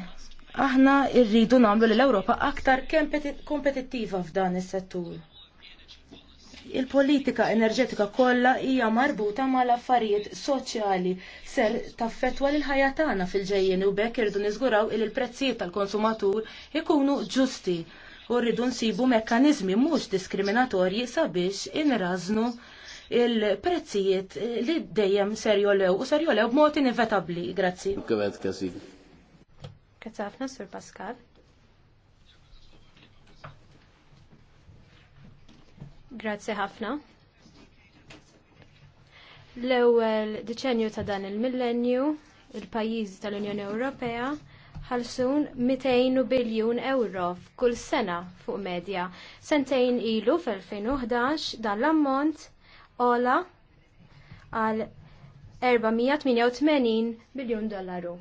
Aħna rridu nagħmlu l ewropa aktar kompetittiva f'dan is-settur. Il-politika enerġetika kollha hija marbuta mal-affarijiet soċjali ser taffettwa lil ħajja tagħna fil-ġejjeni u bekk irridu niżguraw li il-prezzijiet tal-konsumatur ikunu ġusti u rridu nsibu mekkaniżmi mhux diskriminatorji sabiex inrażnu il-prezzijiet li dejjem ser jolew u ser jolew b'mod inevitabbli. Grazzi. Kibet kasi. Sur Pascal. Grazzi ħafna. L-ewwel deċenju ta' dan il-millenju, il-pajjiżi tal-Unjoni Ewropea ħalsun 200 biljun euro f'kull sena fuq medja. Sentejn ilu fl-2011 dan l-ammont ola għal 488 biljun dollaru.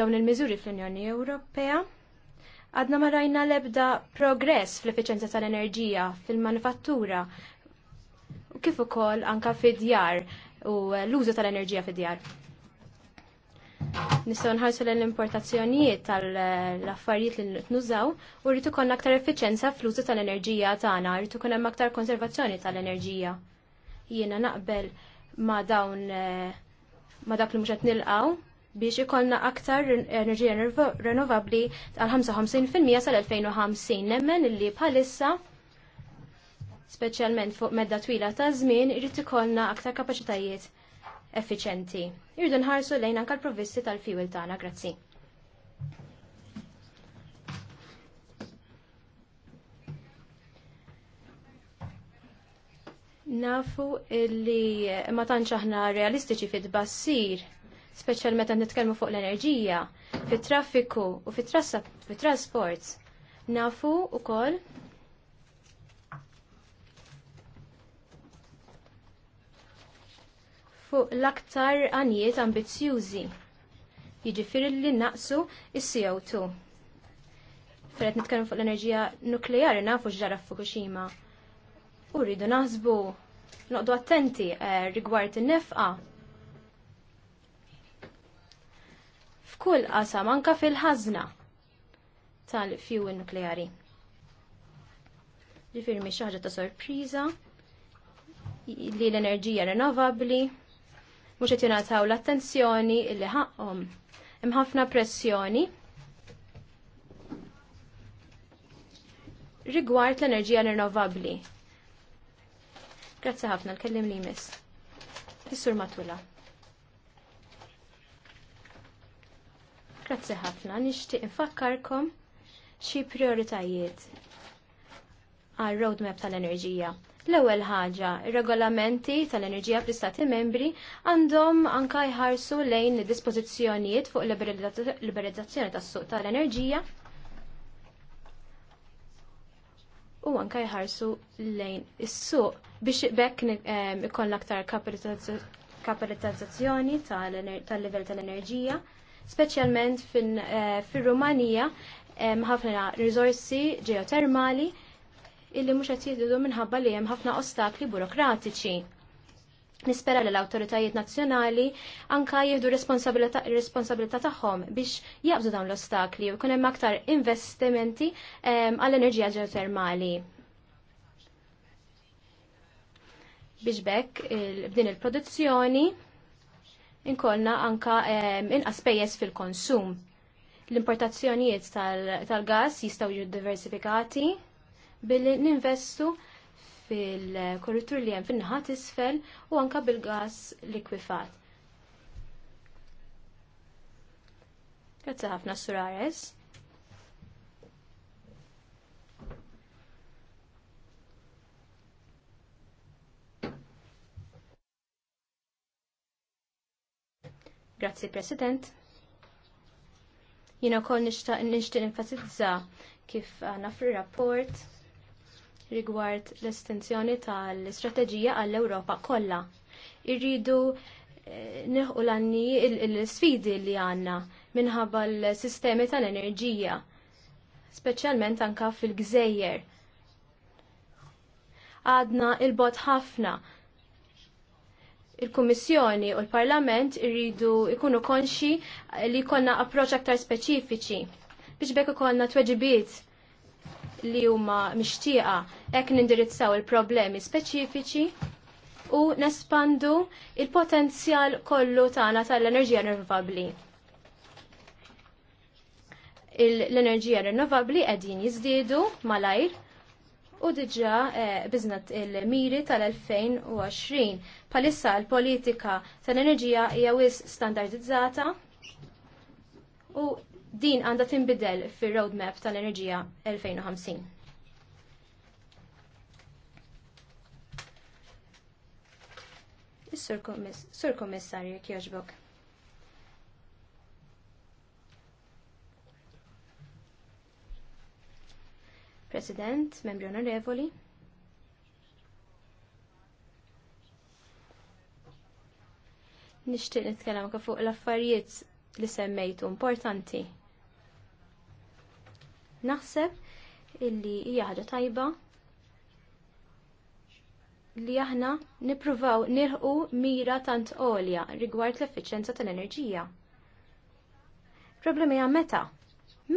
Dawn il-miżuri fl-Unjoni Ewropea għadna ma lebda l-ebda progress fl-efficienza tal-enerġija, fil-manifattura, u kif ukoll anka fid-djar u l-użu tal-enerġija fid-djar. Nistgħu nħarsu l-importazzjonijiet tal-affarijiet li nużaw u rritu konna aktar effiċenza fl-użu tal-enerġija tagħna, rritu konna hemm aktar konservazzjoni tal-enerġija. Jiena naqbel ma dawn eh, ma dak li mhux qed nilqgħu biex ikollna aktar enerġija renovabbli għal 55% sal-2050. Nemmen li bħalissa speċjalment fuq medda twila ta' żmien irid ikollna aktar kapaċitajiet effiċenti. Irridu nħarsu lejn anka l-provvisti tal-fiwil tagħna, grazzi. Nafu illi ma tantx aħna realistiċi fit-bassir, speċjal meta nitkellmu fuq l-enerġija, fit-traffiku u fit-trasport. Nafu ukoll fuq l-aktar għanijiet ambizjużi, jiġifieri li naqsu is-CO2. Fred nitkellmu fuq l-enerġija nukleari nafu x'ġara Fukushima. U rridu naħsbu noqdu attenti eh, rigward in-nefqa. F'kull qasam anka fil-ħażna tal-fjuwil nukleari. Ġifieri mhix ħaġa ta' sorpriża li l-enerġija rinnovabbli mhux qed jingħataw l-attenzjoni illi ħaqqom. Hemm ħafna pressjoni rigward l-enerġija rinnovabbli. Grazzi ħafna l-kellim li jmiss. Fissur sur Matula. Grazzi ħafna, nixtieq infakkarkom xi prioritajiet għal roadmap tal-enerġija. L-ewwel ħaġa, ir-regolamenti tal-enerġija fl-Istati membri għandhom anka jħarsu lejn dispożizzjonijiet fuq liberalizzazzjoni tas-suq tal-enerġija u anka jħarsu lejn is-suq biex bekk eh, ikollna aktar kapitalizzazzjoni tal-livell tal-enerġija, speċjalment eh, fir-Rumanija eh, ħafna riżorsi ġeotermali illi mhux qed jiddu minħabba li hemm ħafna ostakli burokratiċi. Nispera li l-autoritajiet nazzjonali anka jieħdu responsabilità tagħhom biex jaqbdu dawn l-ostakli u jkun hemm aktar investimenti ehm, għall-enerġija ġeotermali. biex bekk b'din il-produzzjoni inkolna anka ehm, inqas pejjeż fil-konsum. L-importazzjonijiet tal-gas jistgħu jiġu diversifikati billi ninvestu fil-korritur li hemm fin-naħat isfel u anka bil-gas likwifat. Grazzi ħafna Surares. Grazzi President. Jina kol nishtiq nishtiq enfasizza kif għana fil-rapport rigward l-estensjoni tal-istrateġija għall-Ewropa kollha. Irridu eh, neħu l-anni l-sfidi li għanna minħabba l-sistemi tal-enerġija, specialment anka fil-gżejjer. Għadna il-bot ħafna. Il-Kummissjoni u l-Parlament irridu ikunu konxi li konna approċ aktar speċifiċi biex bekk ikollna tweġibiet li huma mixtieqa hekk nindirizzaw il-problemi speċifiċi u nespandu il-potenzjal kollu tagħna tal-enerġija rinnovabbli. L-enerġija rinnovabbli qegħdin jiżdiedu malajr u diġa eh, biznat il-miri tal-2020. Palissa l-politika tal-enerġija hija wis standardizzata u din għandha tinbidel fir-roadmap tal-enerġija 2050. Is-Sur Kommissarju Kjoġbok. President, membri onorevoli. Nixtieq nitkellem fuq l-affarijiet li semmejtu importanti Naħseb illi hija ħaġa tajba li aħna nippruvaw nirħu mira tant għolja rigward l-effiċenza tal-enerġija. Problemi hija meta?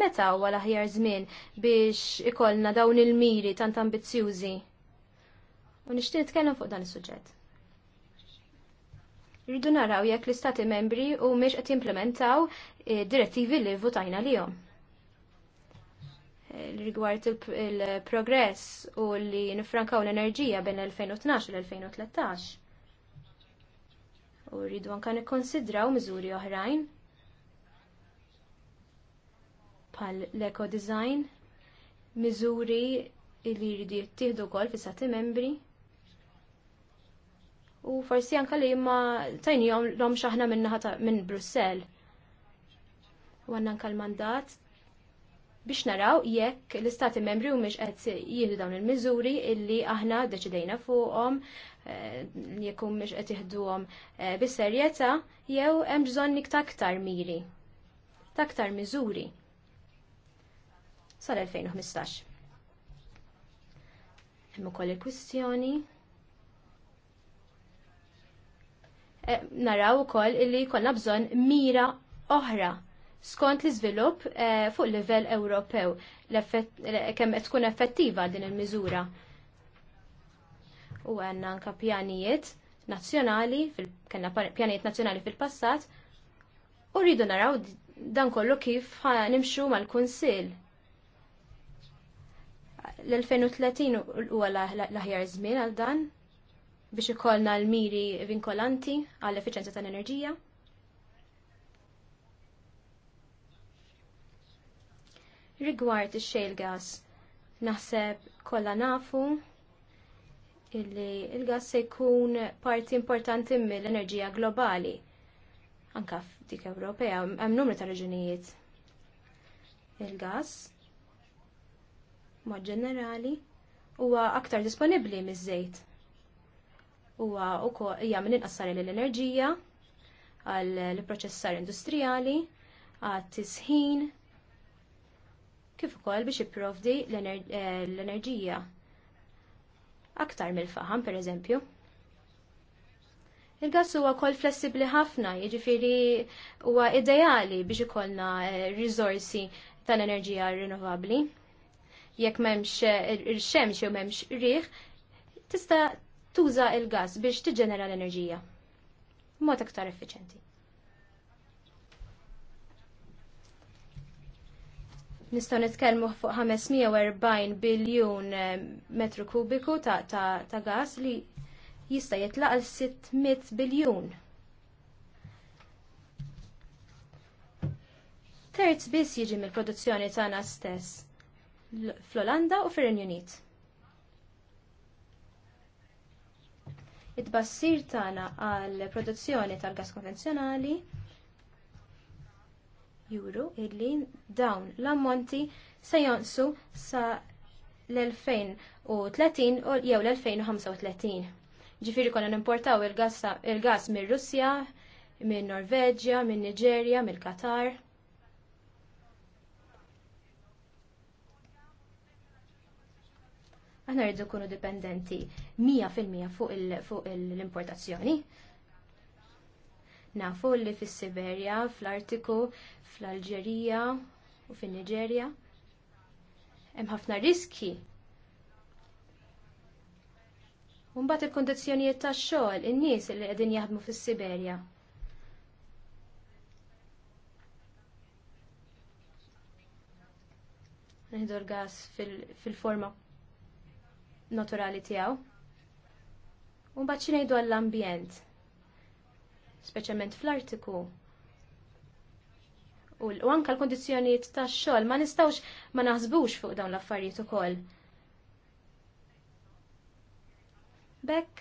Meta huwa l-aħjar żmien biex ikollna dawn il-miri tant ambizzjużi? U nixtieq nitkellem fuq dan is-suġġett. Rridu naraw jekk l-istati membri u mhix qed jimplementaw eh, direttivi li votajna lihom rigward il-progress u li nifrankaw l-enerġija bejn 2012 u l-2013. U rridu anka nikkonsidraw miżuri oħrajn pal l-eco design, miżuri li jridu jittieħdu wkoll fi stati membri. U forsi anka li ma tajnijom l-om xaħna minn Brussell. U għanna anka l-mandat biex naraw jekk l-istati membri u miex qed jieħdu dawn il-miżuri illi aħna deċidejna fuqhom eh, jekk miex qed jieħduhom eh, bis-serjetà jew hemm bżonn taktar miri. Taktar miżuri. Sal-2015. Hemm ukoll il-kwistjoni eh, naraw ukoll illi jkollna bżonn mira oħra skont l-iżvilupp eh, fuq livell Ewropew eh, kemm qed tkun effettiva din il-miżura. U għandna anka pjanijiet nazzjonali, kellna pjanijiet nazzjonali fil-passat, u rridu naraw dan kollu kif nimxu mal-Kunsill. L-2030 huwa l-aħjar żmien għal dan biex ikollna l-miri vinkolanti għall effiċenza tal-enerġija. rigward ix-xejl gas. Naħseb kolla nafu illi il-gas se jkun parti importanti mill-enerġija globali. Anka f'dik Ewropea hemm numru ta' reġunijiet. Il-gas ma' ġenerali huwa aktar disponibbli miż-żejt. Huwa wkoll hija minn inqassar l-enerġija għall proċessar industrijali, għat tisħin kif ukoll biex jipprovdi eh, l-enerġija aktar mill-faħam pereżempju. Il-gas huwa wkoll flessibbli ħafna, jiġifieri huwa ideali biex ikollna eh, risorsi tal-enerġija rinnovabbli. Jekk m'hemmx eh, ir xemx jew m'hemmx riħ, tista' tuża il-gas biex tiġġenera l-enerġija. Mod aktar effiċenti. Nistgħu nitkellmu fuq 540 biljun eh, metru kubiku ta', ta, ta gas li jista' jitlaq għal 600 biljun. Terz biss jiġi mill-produzzjoni tagħna stess fl-Olanda u fir Unit. It-bassir tagħna għall produzzjoni tal-gas konvenzjonali juru illi dawn l-ammonti se jonqsu sa l-2030 jew l-2035. Ġifiri konna n-importaw il-gas minn Russja, minn Norveġja, minn Niġerja, mill Qatar. Aħna rridu kunu dipendenti 100% fuq l-importazzjoni. Nafu li fis-Siberja, fl-Artiku, fl-Alġerija u fin-Niġerja hemm ħafna riski. U mbagħad il-kundizzjonijiet tax-xogħol, in-nies li qegħdin jaħdmu fis-Siberja. Nħidu l-gas fil-forma naturali tiegħu. U mbagħad xi ngħidu għall-ambjent speċjalment fl-artiku. U anke l-kondizzjonijiet tax-xogħol ma nistgħux ma naħsbux fuq dawn l-affarijiet ukoll. Bekk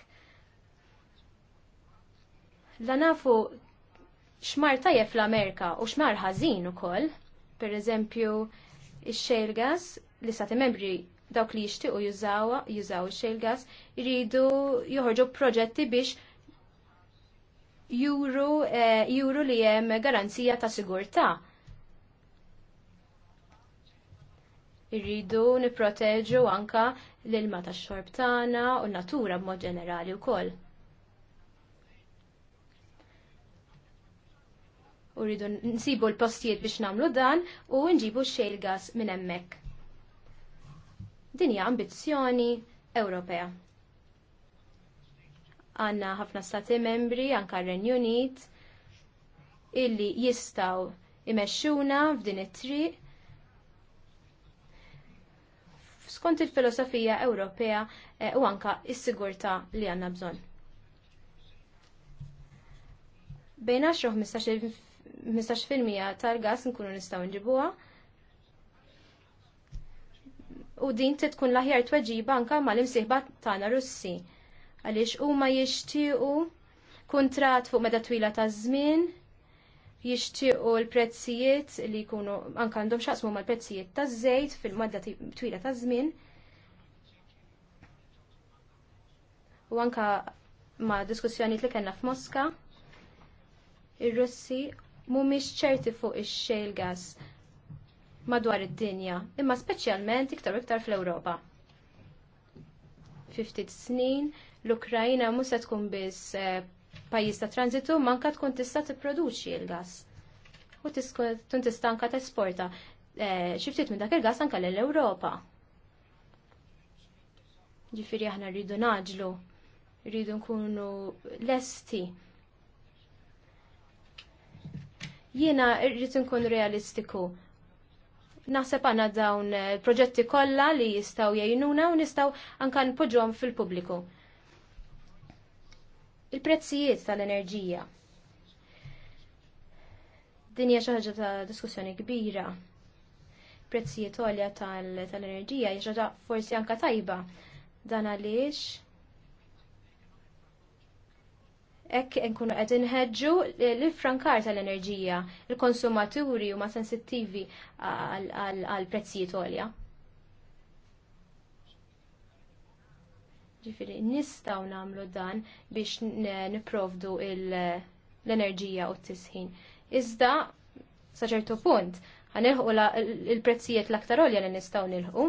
la nafu xmar tajjeb fl-Amerika u xmar ħażin ukoll, pereżempju ix-xejl gas li sa membri dawk li jixtiequ jużaw jużaw ix-xejl gas iridu joħorġu proġetti biex juru, eh, juru li hemm garanzija ta' sigurtà. Irridu nipproteġu anka l-ilma tax xorb tagħna u natura b'mod ġenerali wkoll. U rridu nsibu l-postijiet biex nagħmlu dan u nġibu x-xejl gas minn hemmhekk. Dinja ambizzjoni Ewropea. Għanna ħafna stati membri, anka Renju Unit, illi jistaw imexxuna f'din it-triq. Skont il-filosofija Ewropea eh, u anka is-sigurtà li għandna bżonn. Bejn 10 15% tal-gas nkunu nistgħu nġibuha. U din tkun l-aħjar tweġiba anke mal-imsieħba tagħna Russi għaliex huma jixtiequ kuntrat fuq meta twila ta' żmien jixtiequ l-prezzijiet li jkunu anke għandhom xaqsmu mal-prezzijiet taż-żejt fil-madda twila ta' żmien. U anke ma' diskussjonijiet li kellna f'Mosca, ir-Russi mhumiex ċerti fuq ix-xejl gas madwar id-dinja, imma speċjalment iktar iktar fl-Ewropa. 50 snin l-Ukrajina mhux se tkun biss eh, pajjiż ta' tranzitu manka tkun tista' tipproduċi l-gas. U tkun tista' anka tesporta eh, xi ftit minn dak il-gas anke lill-Ewropa. Ġifieri aħna rridu naġlu, rridu nkunu lesti. Jiena rrid nkun realistiku naħseb għandna dawn eh, proġetti kollha li jistgħu jgħinuna u nistgħu anka npoġġhom fil-pubbliku. Il-prezzijiet tal-enerġija. Din hija xi ħaġa ta' diskussjoni kbira. Prezzijiet għolja tal-enerġija hija xi forsi anka tajba. Dan għaliex Hekk nkunu qed inħeġġu l-frankar tal-enerġija, il-konsumaturi huma sensittivi għal prezzijiet għolja. Ġifiri, nistaw namlu dan biex niprovdu l-enerġija u t-tisħin. Iżda, saċertu punt, għanilħu il-prezzijiet l-aktar olja li nistaw nilħu.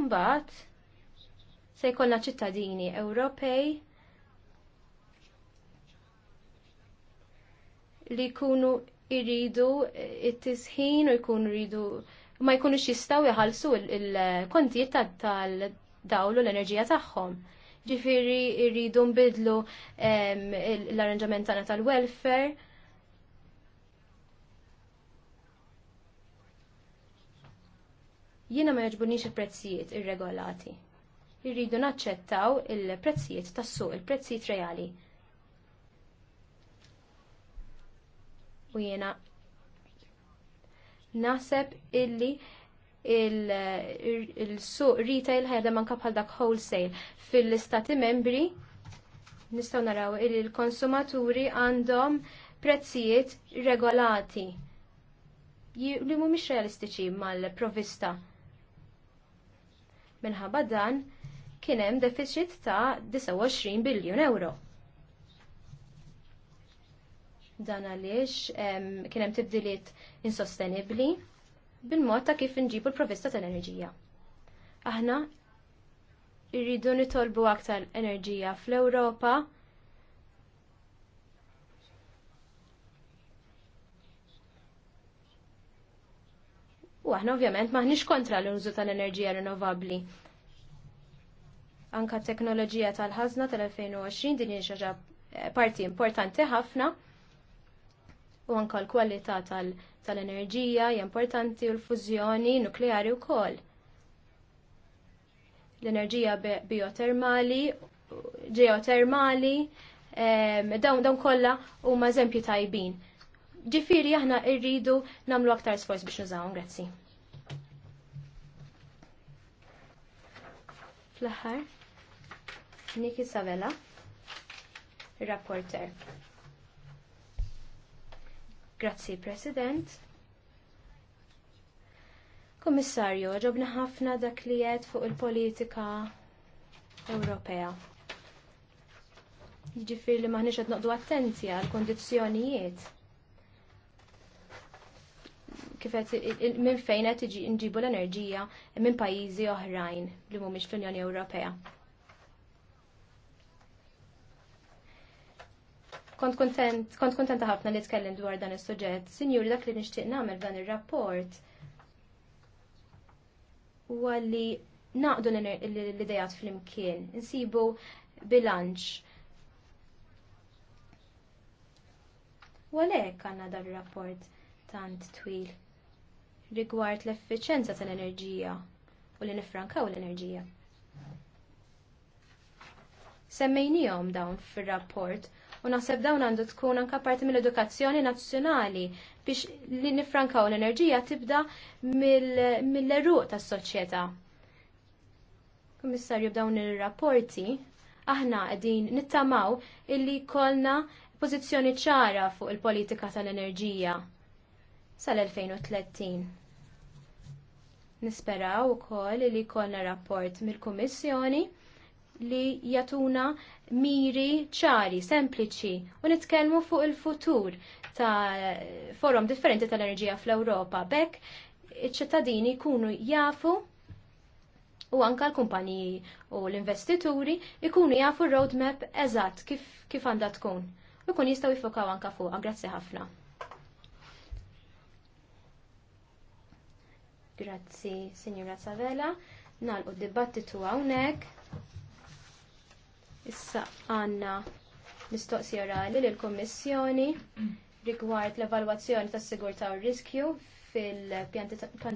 Umbat, se jkollna ċittadini Ewropej li jkunu iridu it-tisħin u jkunu iridu ma jkunux jistaw jħalsu il-kontijiet tal dawlu l-enerġija tagħhom. Ġifiri irridu nbidlu l-arranġament tagħna tal-welfare. Jiena ma jogħġbunix il-prezzijiet irregolati. Irridu naċċettaw il-prezzijiet tas-suq, il-prezzijiet reali. U jiena naħseb illi il-suq retail ħajda man bħal dak wholesale. Fil-istati membri nistgħu naraw li l konsumaturi għandhom prezzijiet regolati li mhumiex realistiċi mal-provista. Minħabba dan kien hemm deficit ta' 29 biljun euro. Dan għaliex kien hemm tibdiliet insostenibbli bil-mod ta' kif inġibu l-provista tal-enerġija. Aħna irridu nitolbu aktar enerġija fl-Ewropa U aħna ovvjament maħniex kontra l-użu tal-enerġija rinnovabbli. Anka t teknoloġija tal-ħazna tal-2020 din hija eh, parti importanti ħafna u anka l-kwalità tal-enerġija hija importanti u l-fużjoni nukleari wkoll. L-enerġija biotermali, ġeotermali, dawn dawn kollha huma eżempju tajbin. Ġifieri aħna rridu nagħmlu aktar sforz biex nużaw grazzi. Fl-aħħar, Niki Savela, rapporter. Grazzi, President. Kommissarju, ġobna ħafna dak li jed fuq il-politika Ewropea. Jiġifieri li maħniex qed noqdu attenti għal kondizjonijiet. Kif qed minn fejn qed nġibu l-enerġija minn pajjiżi oħrajn li mhumiex fl-Unjoni Ewropea. Kont kontent, kont kontenta ħafna li tkellim dwar dan is-suġġett. Sinjuri dak li nixtieq nagħmel dan ir-rapport huwa li naqdu l-idejat fl-imkien, insibu bilanċ. U għalhekk għandna dan ir-rapport tant twil rigward l-effiċenza tal-enerġija u li nifrankaw l-enerġija. Semmejnijom dawn fir-rapport u naħseb dawn għandu tkun anka parti mill-edukazzjoni nazzjonali biex li nifrankaw l-enerġija tibda mill-eruq tas-soċjetà. Komissarju, b'dawn ir-rapporti aħna qegħdin nittamaw illi kolna pożizzjoni ċara fuq il-politika tal-enerġija sal-2030. Nisperaw ukoll li jkollna rapport mill-Kummissjoni li jatuna miri ċari, sempliċi u nitkellmu fuq il-futur ta' forum differenti tal-enerġija fl-Ewropa. Bekk iċ-ċittadini jkunu jafu u anka l-kumpaniji u l-investituri jkunu jafu roadmap eżatt kif, kif għandha tkun. U kun jistaw jifokaw anka fuqha. Grazzi ħafna. Grazzi, Signora Savela. Nalqu d-dibattitu hawnhekk. Issa għanna mistoqsija orali l kommissjoni rigward l-evalwazzjoni tas sigurtà u riskju fil-pjanti